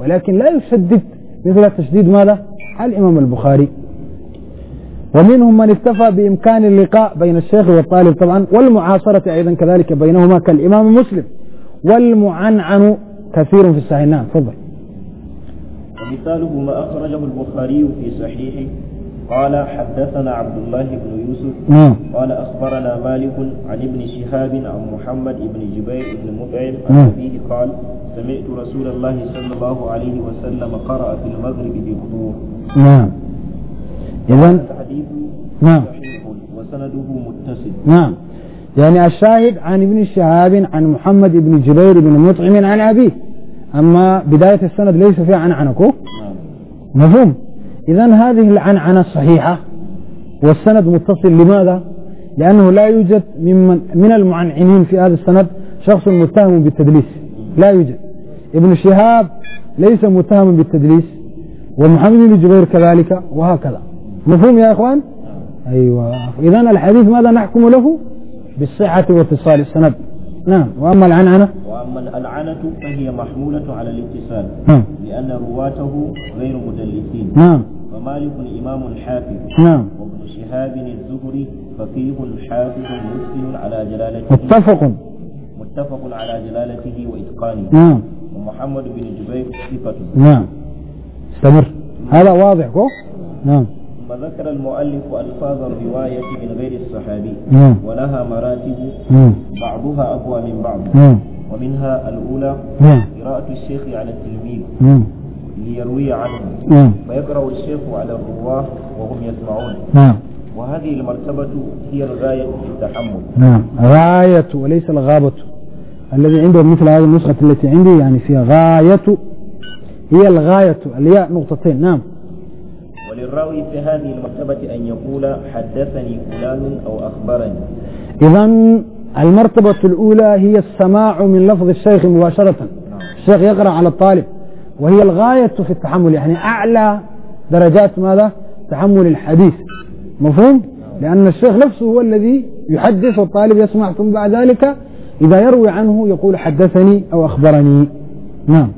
ولكن لا يشدد مثل تشديد ماذا الإمام البخاري ومنهم من اكتفى بإمكان اللقاء بين الشيخ والطالب طبعا والمعاصرة أيضا كذلك بينهما كالإمام مسلم والمعنعن كثير في الصحيح نعم تفضل ومثاله ما أخرجه البخاري في صحيحه قال حدثنا عبد الله بن يوسف نعم قال أخبرنا مالك عن ابن شهاب عن محمد بن جبير بن مطعم عن نعم. أبيه قال سمعت رسول الله صلى الله عليه وسلم قرأ في المغرب بغدور نعم إذا الحديث نعم وسنده متصل نعم يعني الشاهد عن ابن شهاب عن محمد بن جبير بن مطعم عن أبيه أما بداية السند ليس فيها عن عنكو نعم مفهوم إذا هذه العنعنة صحيحة والسند متصل لماذا؟ لأنه لا يوجد ممن من المعنعنين في هذا السند شخص متهم بالتدليس لا يوجد ابن شهاب ليس متهم بالتدليس ومحمد بن جبير كذلك وهكذا مفهوم يا إخوان؟ أيوة إذا الحديث ماذا نحكم له؟ بالصحة واتصال السند نعم وأما العنعنة وأما الألعنة فهي محمولة على الاتصال نعم لأن رواته غير مدلسين نعم ومالك إمام حافظ نعم وابن شهاب الزهري فقيه حافظ مسلم على جلالته متفق متفق على جلالته وإتقانه نعم ومحمد بن جبير صفة نعم استمر هذا واضح نعم ثم ذكر المؤلف ألفاظ الرواية من غير الصحابي نعم. ولها مراتب نعم. بعضها أقوى من بعض نعم. ومنها الأولى قراءة الشيخ على التلميذ ليروي عنه فيقرأ الشيخ على الرواه وهم يسمعون وهذه المرتبة هي الغاية في التحمل نعم غاية وليس الغابة الذي عنده مثل هذه النسخة التي عندي يعني فيها غاية هي الغاية الياء نقطتين نعم للراوي في هذه المرتبة أن يقول حدثني فلان أو أخبرني إذا المرتبة الأولى هي السماع من لفظ الشيخ مباشرة نعم. الشيخ يقرأ على الطالب وهي الغاية في التحمل يعني أعلى درجات ماذا تحمل الحديث مفهوم نعم. لأن الشيخ نفسه هو الذي يحدث والطالب يسمع ثم بعد ذلك إذا يروي عنه يقول حدثني أو أخبرني نعم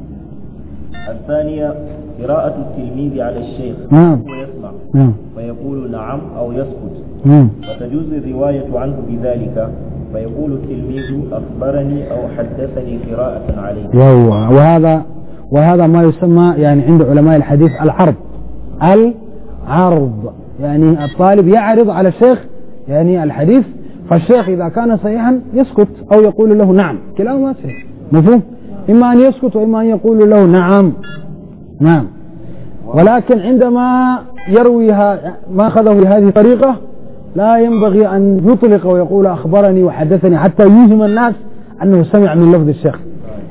الثانية قراءة التلميذ على الشيخ نعم ويسمع نعم فيقول نعم أو يسكت نعم وتجوز الرواية عنه بذلك فيقول التلميذ أخبرني أو حدثني قراءة عليه وهذا وهذا ما يسمى يعني عند علماء الحديث العرض العرض يعني الطالب يعرض على الشيخ يعني الحديث فالشيخ إذا كان صحيحا يسكت أو يقول له نعم كلاهما صحيح مفهوم إما أن يسكت وإما أن يقول له نعم نعم ولكن عندما يرويها ما أخذه بهذه الطريقة لا ينبغي أن يطلق ويقول أخبرني وحدثني حتى يوهم الناس أنه سمع من لفظ الشيخ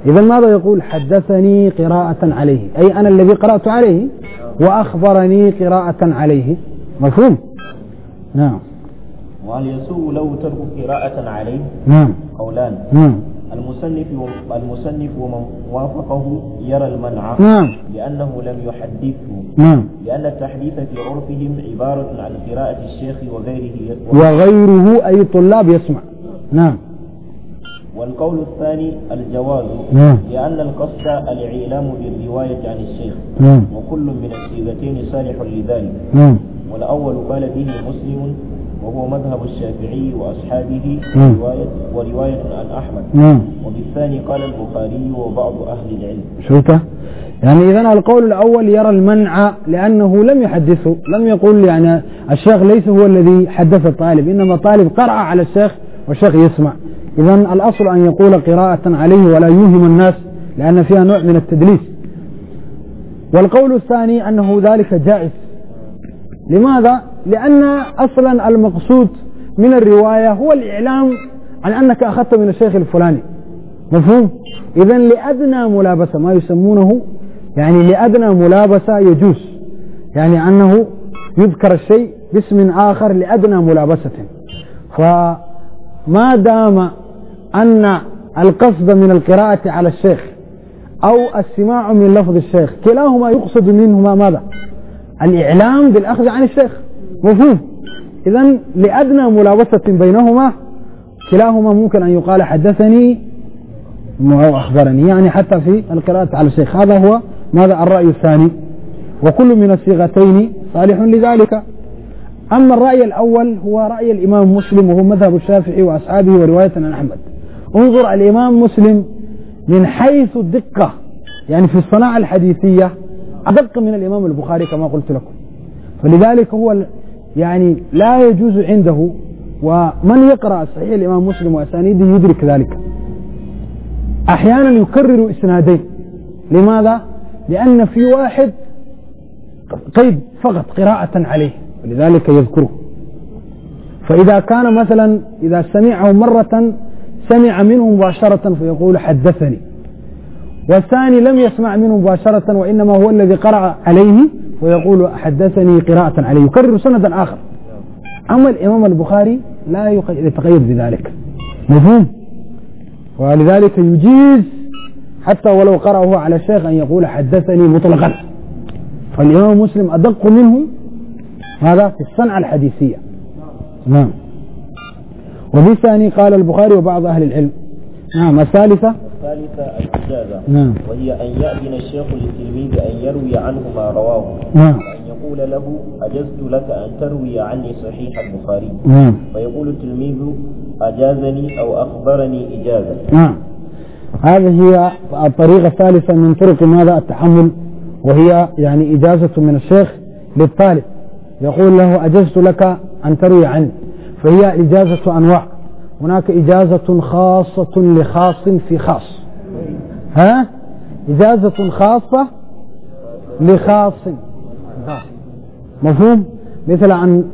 إذا ماذا يقول حدثني قراءة عليه أي أنا الذي قرأت عليه وأخبرني قراءة عليه مفهوم نعم وهل يسوء له ترك قراءة عليه نعم قولان نعم المصنف المصنف ومن وافقه يرى المنع نعم لأنه لم يحدثه نعم لأن التحديث في عرفهم عبارة عن قراءة الشيخ وغيره وغيره أي طلاب يسمع نعم والقول الثاني الجواز نعم لأن القصد الإعلام بالرواية عن الشيخ نعم وكل من الصيغتين صالح لذلك نعم والأول قال به مسلم وهو مذهب الشافعي وأصحابه رواية ورواية عن أحمد نعم وبالثاني قال البخاري وبعض أهل العلم شوفه يعني إذا القول الأول يرى المنع لأنه لم يحدثه لم يقول يعني الشيخ ليس هو الذي حدث الطالب إنما طالب قرأ على الشيخ والشيخ يسمع إذا الأصل أن يقول قراءة عليه ولا يوهم الناس لأن فيها نوع من التدليس والقول الثاني أنه ذلك جائز لماذا؟ لأن أصلا المقصود من الرواية هو الإعلام عن أنك أخذت من الشيخ الفلاني مفهوم؟ إذا لأدنى ملابسة ما يسمونه يعني لأدنى ملابسة يجوز يعني أنه يذكر الشيء باسم آخر لأدنى ملابسة فما دام أن القصد من القراءة على الشيخ أو السماع من لفظ الشيخ كلاهما يقصد منهما ماذا الإعلام بالأخذ عن الشيخ مفهوم إذا لأدنى ملابسة بينهما كلاهما ممكن أن يقال حدثني أو أخبرني يعني حتى في القراءة على الشيخ هذا هو ماذا الرأي الثاني وكل من الصيغتين صالح لذلك أما الرأي الأول هو رأي الإمام مسلم وهو مذهب الشافعي وأصحابه ورواية عن أحمد انظر الإمام مسلم من حيث الدقة يعني في الصناعة الحديثية أدق من الإمام البخاري كما قلت لكم فلذلك هو يعني لا يجوز عنده ومن يقرأ صحيح الإمام مسلم وأسانيده يدرك ذلك أحيانا يكرر إسنادين لماذا؟ لأن في واحد قيد طيب فقط قراءة عليه ولذلك يذكره فإذا كان مثلا إذا سمعه مرة سمع منه مباشرة فيقول حدثني والثاني لم يسمع منه مباشرة وإنما هو الذي قرأ عليه ويقول حدثني قراءة عليه يكرر سندا آخر أما الإمام البخاري لا يتقيد بذلك مفهوم ولذلك يجيز حتى ولو قرأه على الشيخ أن يقول حدثني مطلقا فالإمام مسلم أدق منه هذا في الصنعة الحديثية نعم وفي الثاني قال البخاري وبعض أهل العلم نعم الثالثة الثالثة الإجازة نعم. وهي أن يأذن الشيخ للتلميذ أن يروي عنه ما رواه نعم وأن يقول له أجزت لك أن تروي عني صحيح البخاري نعم فيقول التلميذ أجازني أو أخبرني إجازة نعم هذه هي الطريقة الثالثة من طرق هذا التحمل وهي يعني إجازة من الشيخ للطالب يقول له أجزت لك أن تروي عني فهي إجازة أنواع هناك إجازة خاصة لخاص في خاص ها إجازة خاصة لخاص مفهوم مثل أن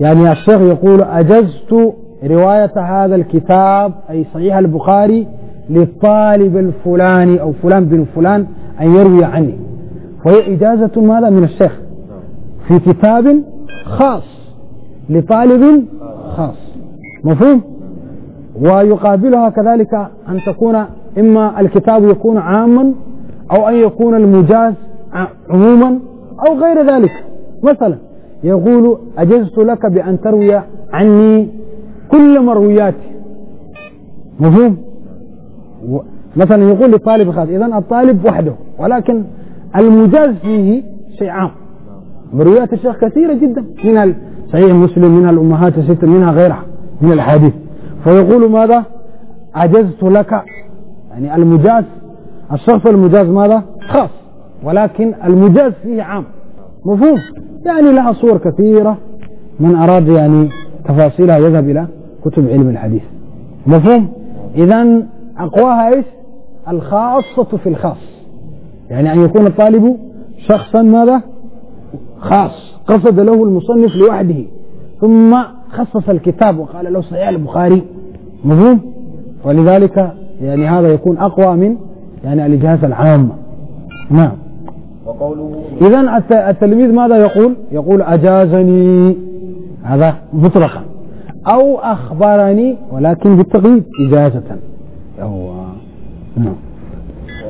يعني الشيخ يقول أجزت رواية هذا الكتاب أي صحيح البخاري للطالب الفلاني أو فلان بن فلان أن يروي عني وهي إجازة ماذا من الشيخ في كتاب خاص لطالب خاص مفهوم ويقابلها كذلك أن تكون إما الكتاب يكون عاما أو أن يكون المجاز عموما أو غير ذلك مثلا يقول أجزت لك بأن تروي عني كل مروياتي مفهوم مثلا يقول للطالب خاص إذا الطالب وحده ولكن المجاز فيه شيء عام مرويات الشيخ كثيرة جدا من صحيح مسلم من الأمهات الستة منها غيرها من الحديث فيقول ماذا عجزت لك يعني المجاز الشخص المجاز ماذا خاص ولكن المجاز فيه عام مفهوم يعني لها صور كثيرة من أراد يعني تفاصيلها يذهب إلى كتب علم الحديث مفهوم إذا أقواها إيش الخاصة في الخاص يعني أن يكون الطالب شخصا ماذا خاص قصد له المصنف لوحده ثم خصص الكتاب وقال له صحيح البخاري مفهوم ولذلك يعني هذا يكون أقوى من يعني الإجهاز العام نعم وقوله إذا التلميذ ماذا يقول يقول أجازني هذا مطلقا أو أخبرني ولكن بالتقييد إجازة أو نعم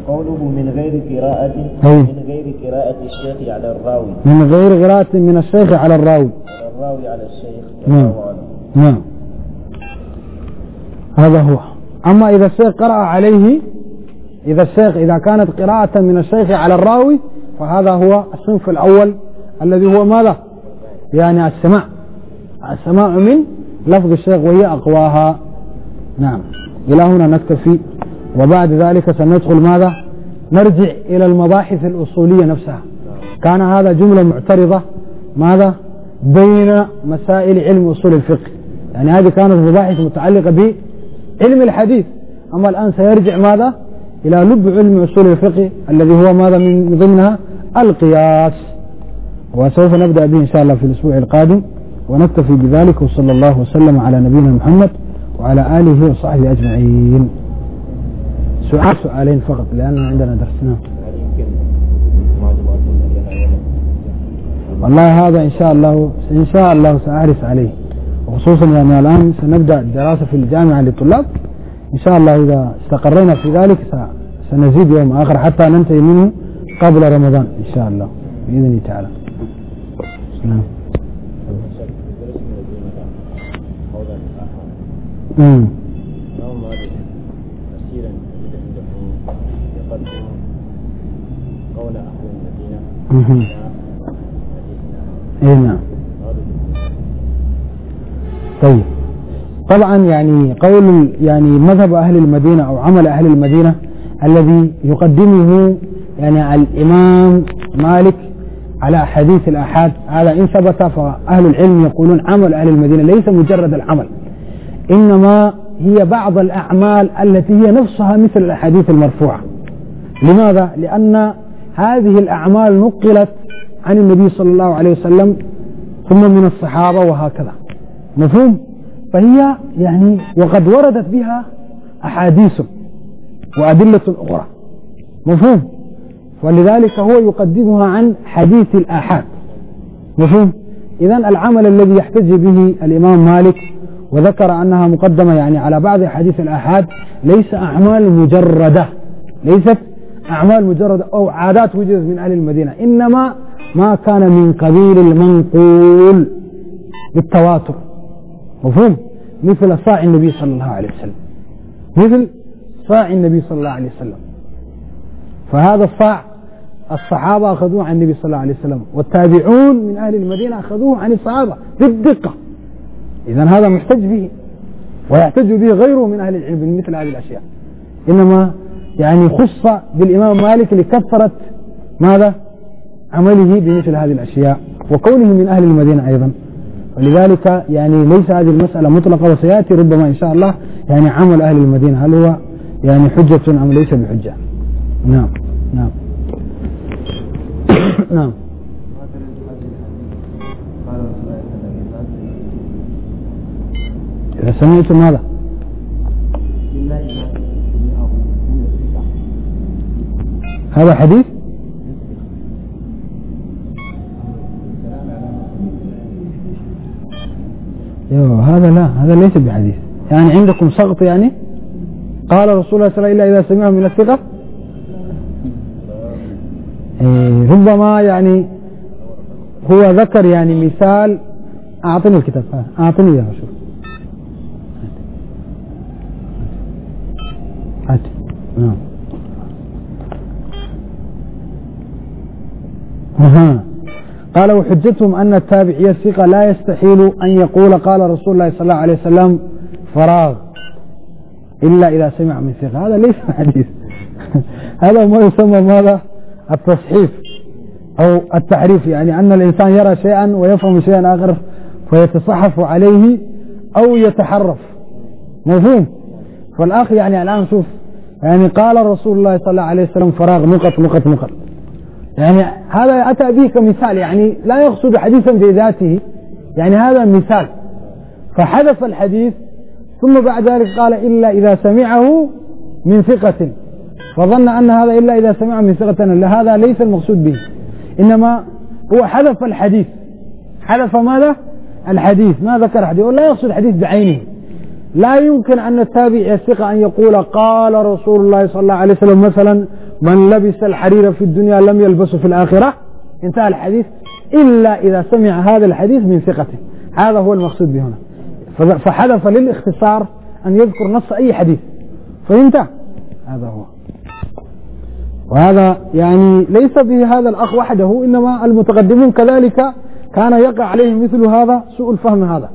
قوله من غير قراءة من غير قراءة الشيخ على الراوي من غير قراءة من الشيخ على الراوي على الراوي على الشيخ نعم نعم هذا هو أما إذا الشيخ قرأ عليه إذا الشيخ إذا كانت قراءة من الشيخ على الراوي فهذا هو الصنف الأول الذي هو ماذا يعني السماع السماع من لفظ الشيخ وهي أقواها نعم إلى هنا نكتفي وبعد ذلك سندخل ماذا نرجع إلى المباحث الأصولية نفسها كان هذا جملة معترضة ماذا بين مسائل علم أصول الفقه يعني هذه كانت مباحث متعلقة بعلم الحديث أما الآن سيرجع ماذا إلى لب علم أصول الفقه الذي هو ماذا من ضمنها القياس وسوف نبدأ به إن شاء الله في الأسبوع القادم ونكتفي بذلك وصلى الله وسلم على نبينا محمد وعلى آله وصحبه أجمعين سؤال أه، سؤالين فقط لأنه عندنا درسنا نعم. والله هذا إن شاء الله إن شاء الله سأعرف عليه وخصوصا لأن يعني الآن سنبدأ الدراسة في الجامعة للطلاب إن شاء الله إذا استقرينا في ذلك سنزيد يوم آخر حتى ننتهي منه قبل رمضان إن شاء الله بإذن تعالى نعم اي نعم طيب طبعا يعني قول يعني مذهب أهل المدينة أو عمل أهل المدينة الذي يقدمه يعني الإمام مالك على حديث الآحاد هذا إن ثبت فأهل العلم يقولون عمل أهل المدينة ليس مجرد العمل إنما هي بعض الأعمال التي هي نفسها مثل الأحاديث المرفوعة لماذا؟ لأن هذه الأعمال نقلت عن النبي صلى الله عليه وسلم ثم من الصحابة وهكذا مفهوم فهي يعني وقد وردت بها أحاديث وأدلة أخرى مفهوم ولذلك هو يقدمها عن حديث الآحاد مفهوم إذا العمل الذي يحتج به الإمام مالك وذكر أنها مقدمة يعني على بعض حديث الآحاد ليس أعمال مجردة ليست أعمال مجرد أو عادات وجدت من أهل المدينة إنما ما كان من قبيل المنقول بالتواتر مفهوم مثل صاع النبي صلى الله عليه وسلم مثل صاع النبي صلى الله عليه وسلم فهذا الصاع الصحابة أخذوه عن النبي صلى الله عليه وسلم والتابعون من أهل المدينة أخذوه عن الصحابة بالدقة إذا هذا محتج به ويحتج به غيره من أهل العلم مثل هذه الأشياء إنما يعني خص بالإمام مالك لكثرة ماذا عمله بمثل هذه الأشياء وكونه من أهل المدينة أيضا ولذلك يعني ليس هذه المسألة مطلقة وسيأتي ربما إن شاء الله يعني عمل أهل المدينة هل هو يعني حجة أم ليس بحجة نعم نعم (coughs) نعم إذا سمعتم ماذا؟ هذا حديث ايوه هذا لا هذا ليس بحديث يعني عندكم سقط يعني قال رسول الله صلى الله عليه وسلم إلا إذا سمعه من الثقة إيه، ربما يعني هو ذكر يعني مثال أعطني الكتاب أعطني يا رسول هات نعم أها. قال وحجتهم أن التابعي الثقة لا يستحيل أن يقول قال رسول الله صلى الله عليه وسلم فراغ إلا إذا سمع من ثقة هذا ليس (laughs) حديث هذا ما يسمى ماذا التصحيف أو التحريف يعني أن الإنسان يرى شيئا ويفهم شيئا آخر فيتصحف عليه أو يتحرف مفهوم فالأخ يعني الآن شوف يعني قال رسول الله صلى الله عليه وسلم فراغ نقط نقط نقط يعني هذا أتى به كمثال يعني لا يقصد حديثا بذاته يعني هذا مثال فحذف الحديث ثم بعد ذلك قال إلا إذا سمعه من ثقة فظن أن هذا إلا إذا سمعه من ثقة لا هذا ليس المقصود به إنما هو حذف الحديث حذف ماذا؟ الحديث ما ذكر حديث ولا يقصد الحديث بعينه لا يمكن أن التابع الثقة أن يقول قال رسول الله صلى الله عليه وسلم مثلا من لبس الحرير في الدنيا لم يلبسه في الآخرة انتهى الحديث إلا إذا سمع هذا الحديث من ثقته هذا هو المقصود به هنا فحدث للاختصار أن يذكر نص أي حديث فهمت هذا هو وهذا يعني ليس به هذا الأخ وحده إنما المتقدمون كذلك كان يقع عليهم مثل هذا سوء الفهم هذا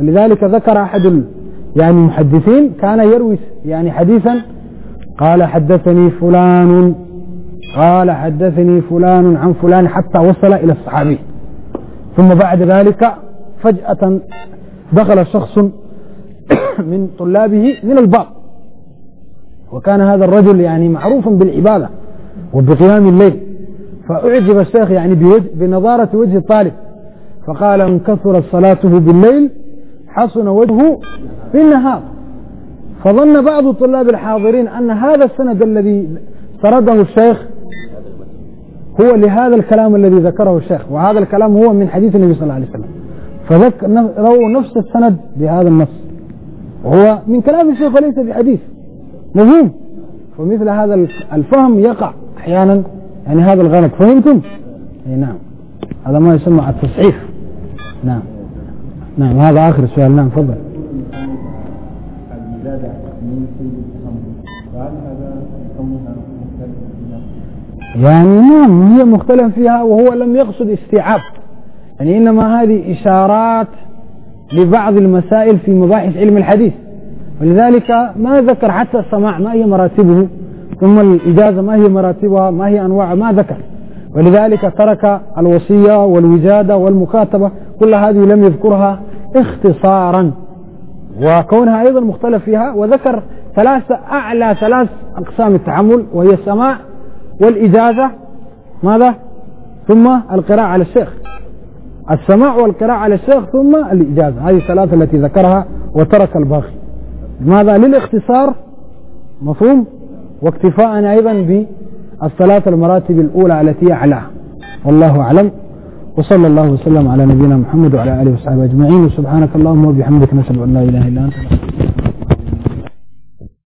ولذلك ذكر أحد يعني المحدثين كان يروي يعني حديثا قال حدثني فلان قال حدثني فلان عن فلان حتى وصل إلى الصحابي ثم بعد ذلك فجأة دخل شخص (coughs) من طلابه من الباب وكان هذا الرجل يعني معروف بالعبادة وبقيام الليل فأعجب الشيخ يعني بوجه بنظارة وجه الطالب فقال من كثرت صلاته بالليل حصن وجهه في النهار فظن بعض الطلاب الحاضرين أن هذا السند الذي سرده الشيخ هو لهذا الكلام الذي ذكره الشيخ وهذا الكلام هو من حديث النبي صلى الله عليه وسلم فذكروا نفس السند بهذا النص وهو من كلام الشيخ وليس بحديث مفهوم فمثل هذا الفهم يقع أحيانا يعني هذا الغلط فهمتم؟ اي نعم هذا ما يسمى التصحيح نعم نعم هذا آخر سؤال نعم تفضل زاد من سيد يعني نعم هي مختلف فيها وهو لم يقصد استيعاب يعني إنما هذه إشارات لبعض المسائل في مباحث علم الحديث ولذلك ما ذكر حتى السماع ما هي مراتبه ثم الإجازة ما هي مراتبها ما هي أنواعها ما ذكر ولذلك ترك الوصية والوجادة والمكاتبة كل هذه لم يذكرها اختصارا وكونها أيضا مختلف فيها وذكر ثلاثة أعلى ثلاث أقسام التعامل وهي السماع والإجازة ماذا ثم القراءة على الشيخ السماع والقراءة على الشيخ ثم الإجازة هذه الثلاثة التي ذكرها وترك الباقي ماذا للاختصار مفهوم واكتفاءنا أيضا بالثلاث المراتب الأولى التي أعلاها والله أعلم وصلى الله وسلم على نبينا محمد وعلى آله وصحبه أجمعين وسبحانك اللهم وبحمدك نشهد أن لا إله إلا أنت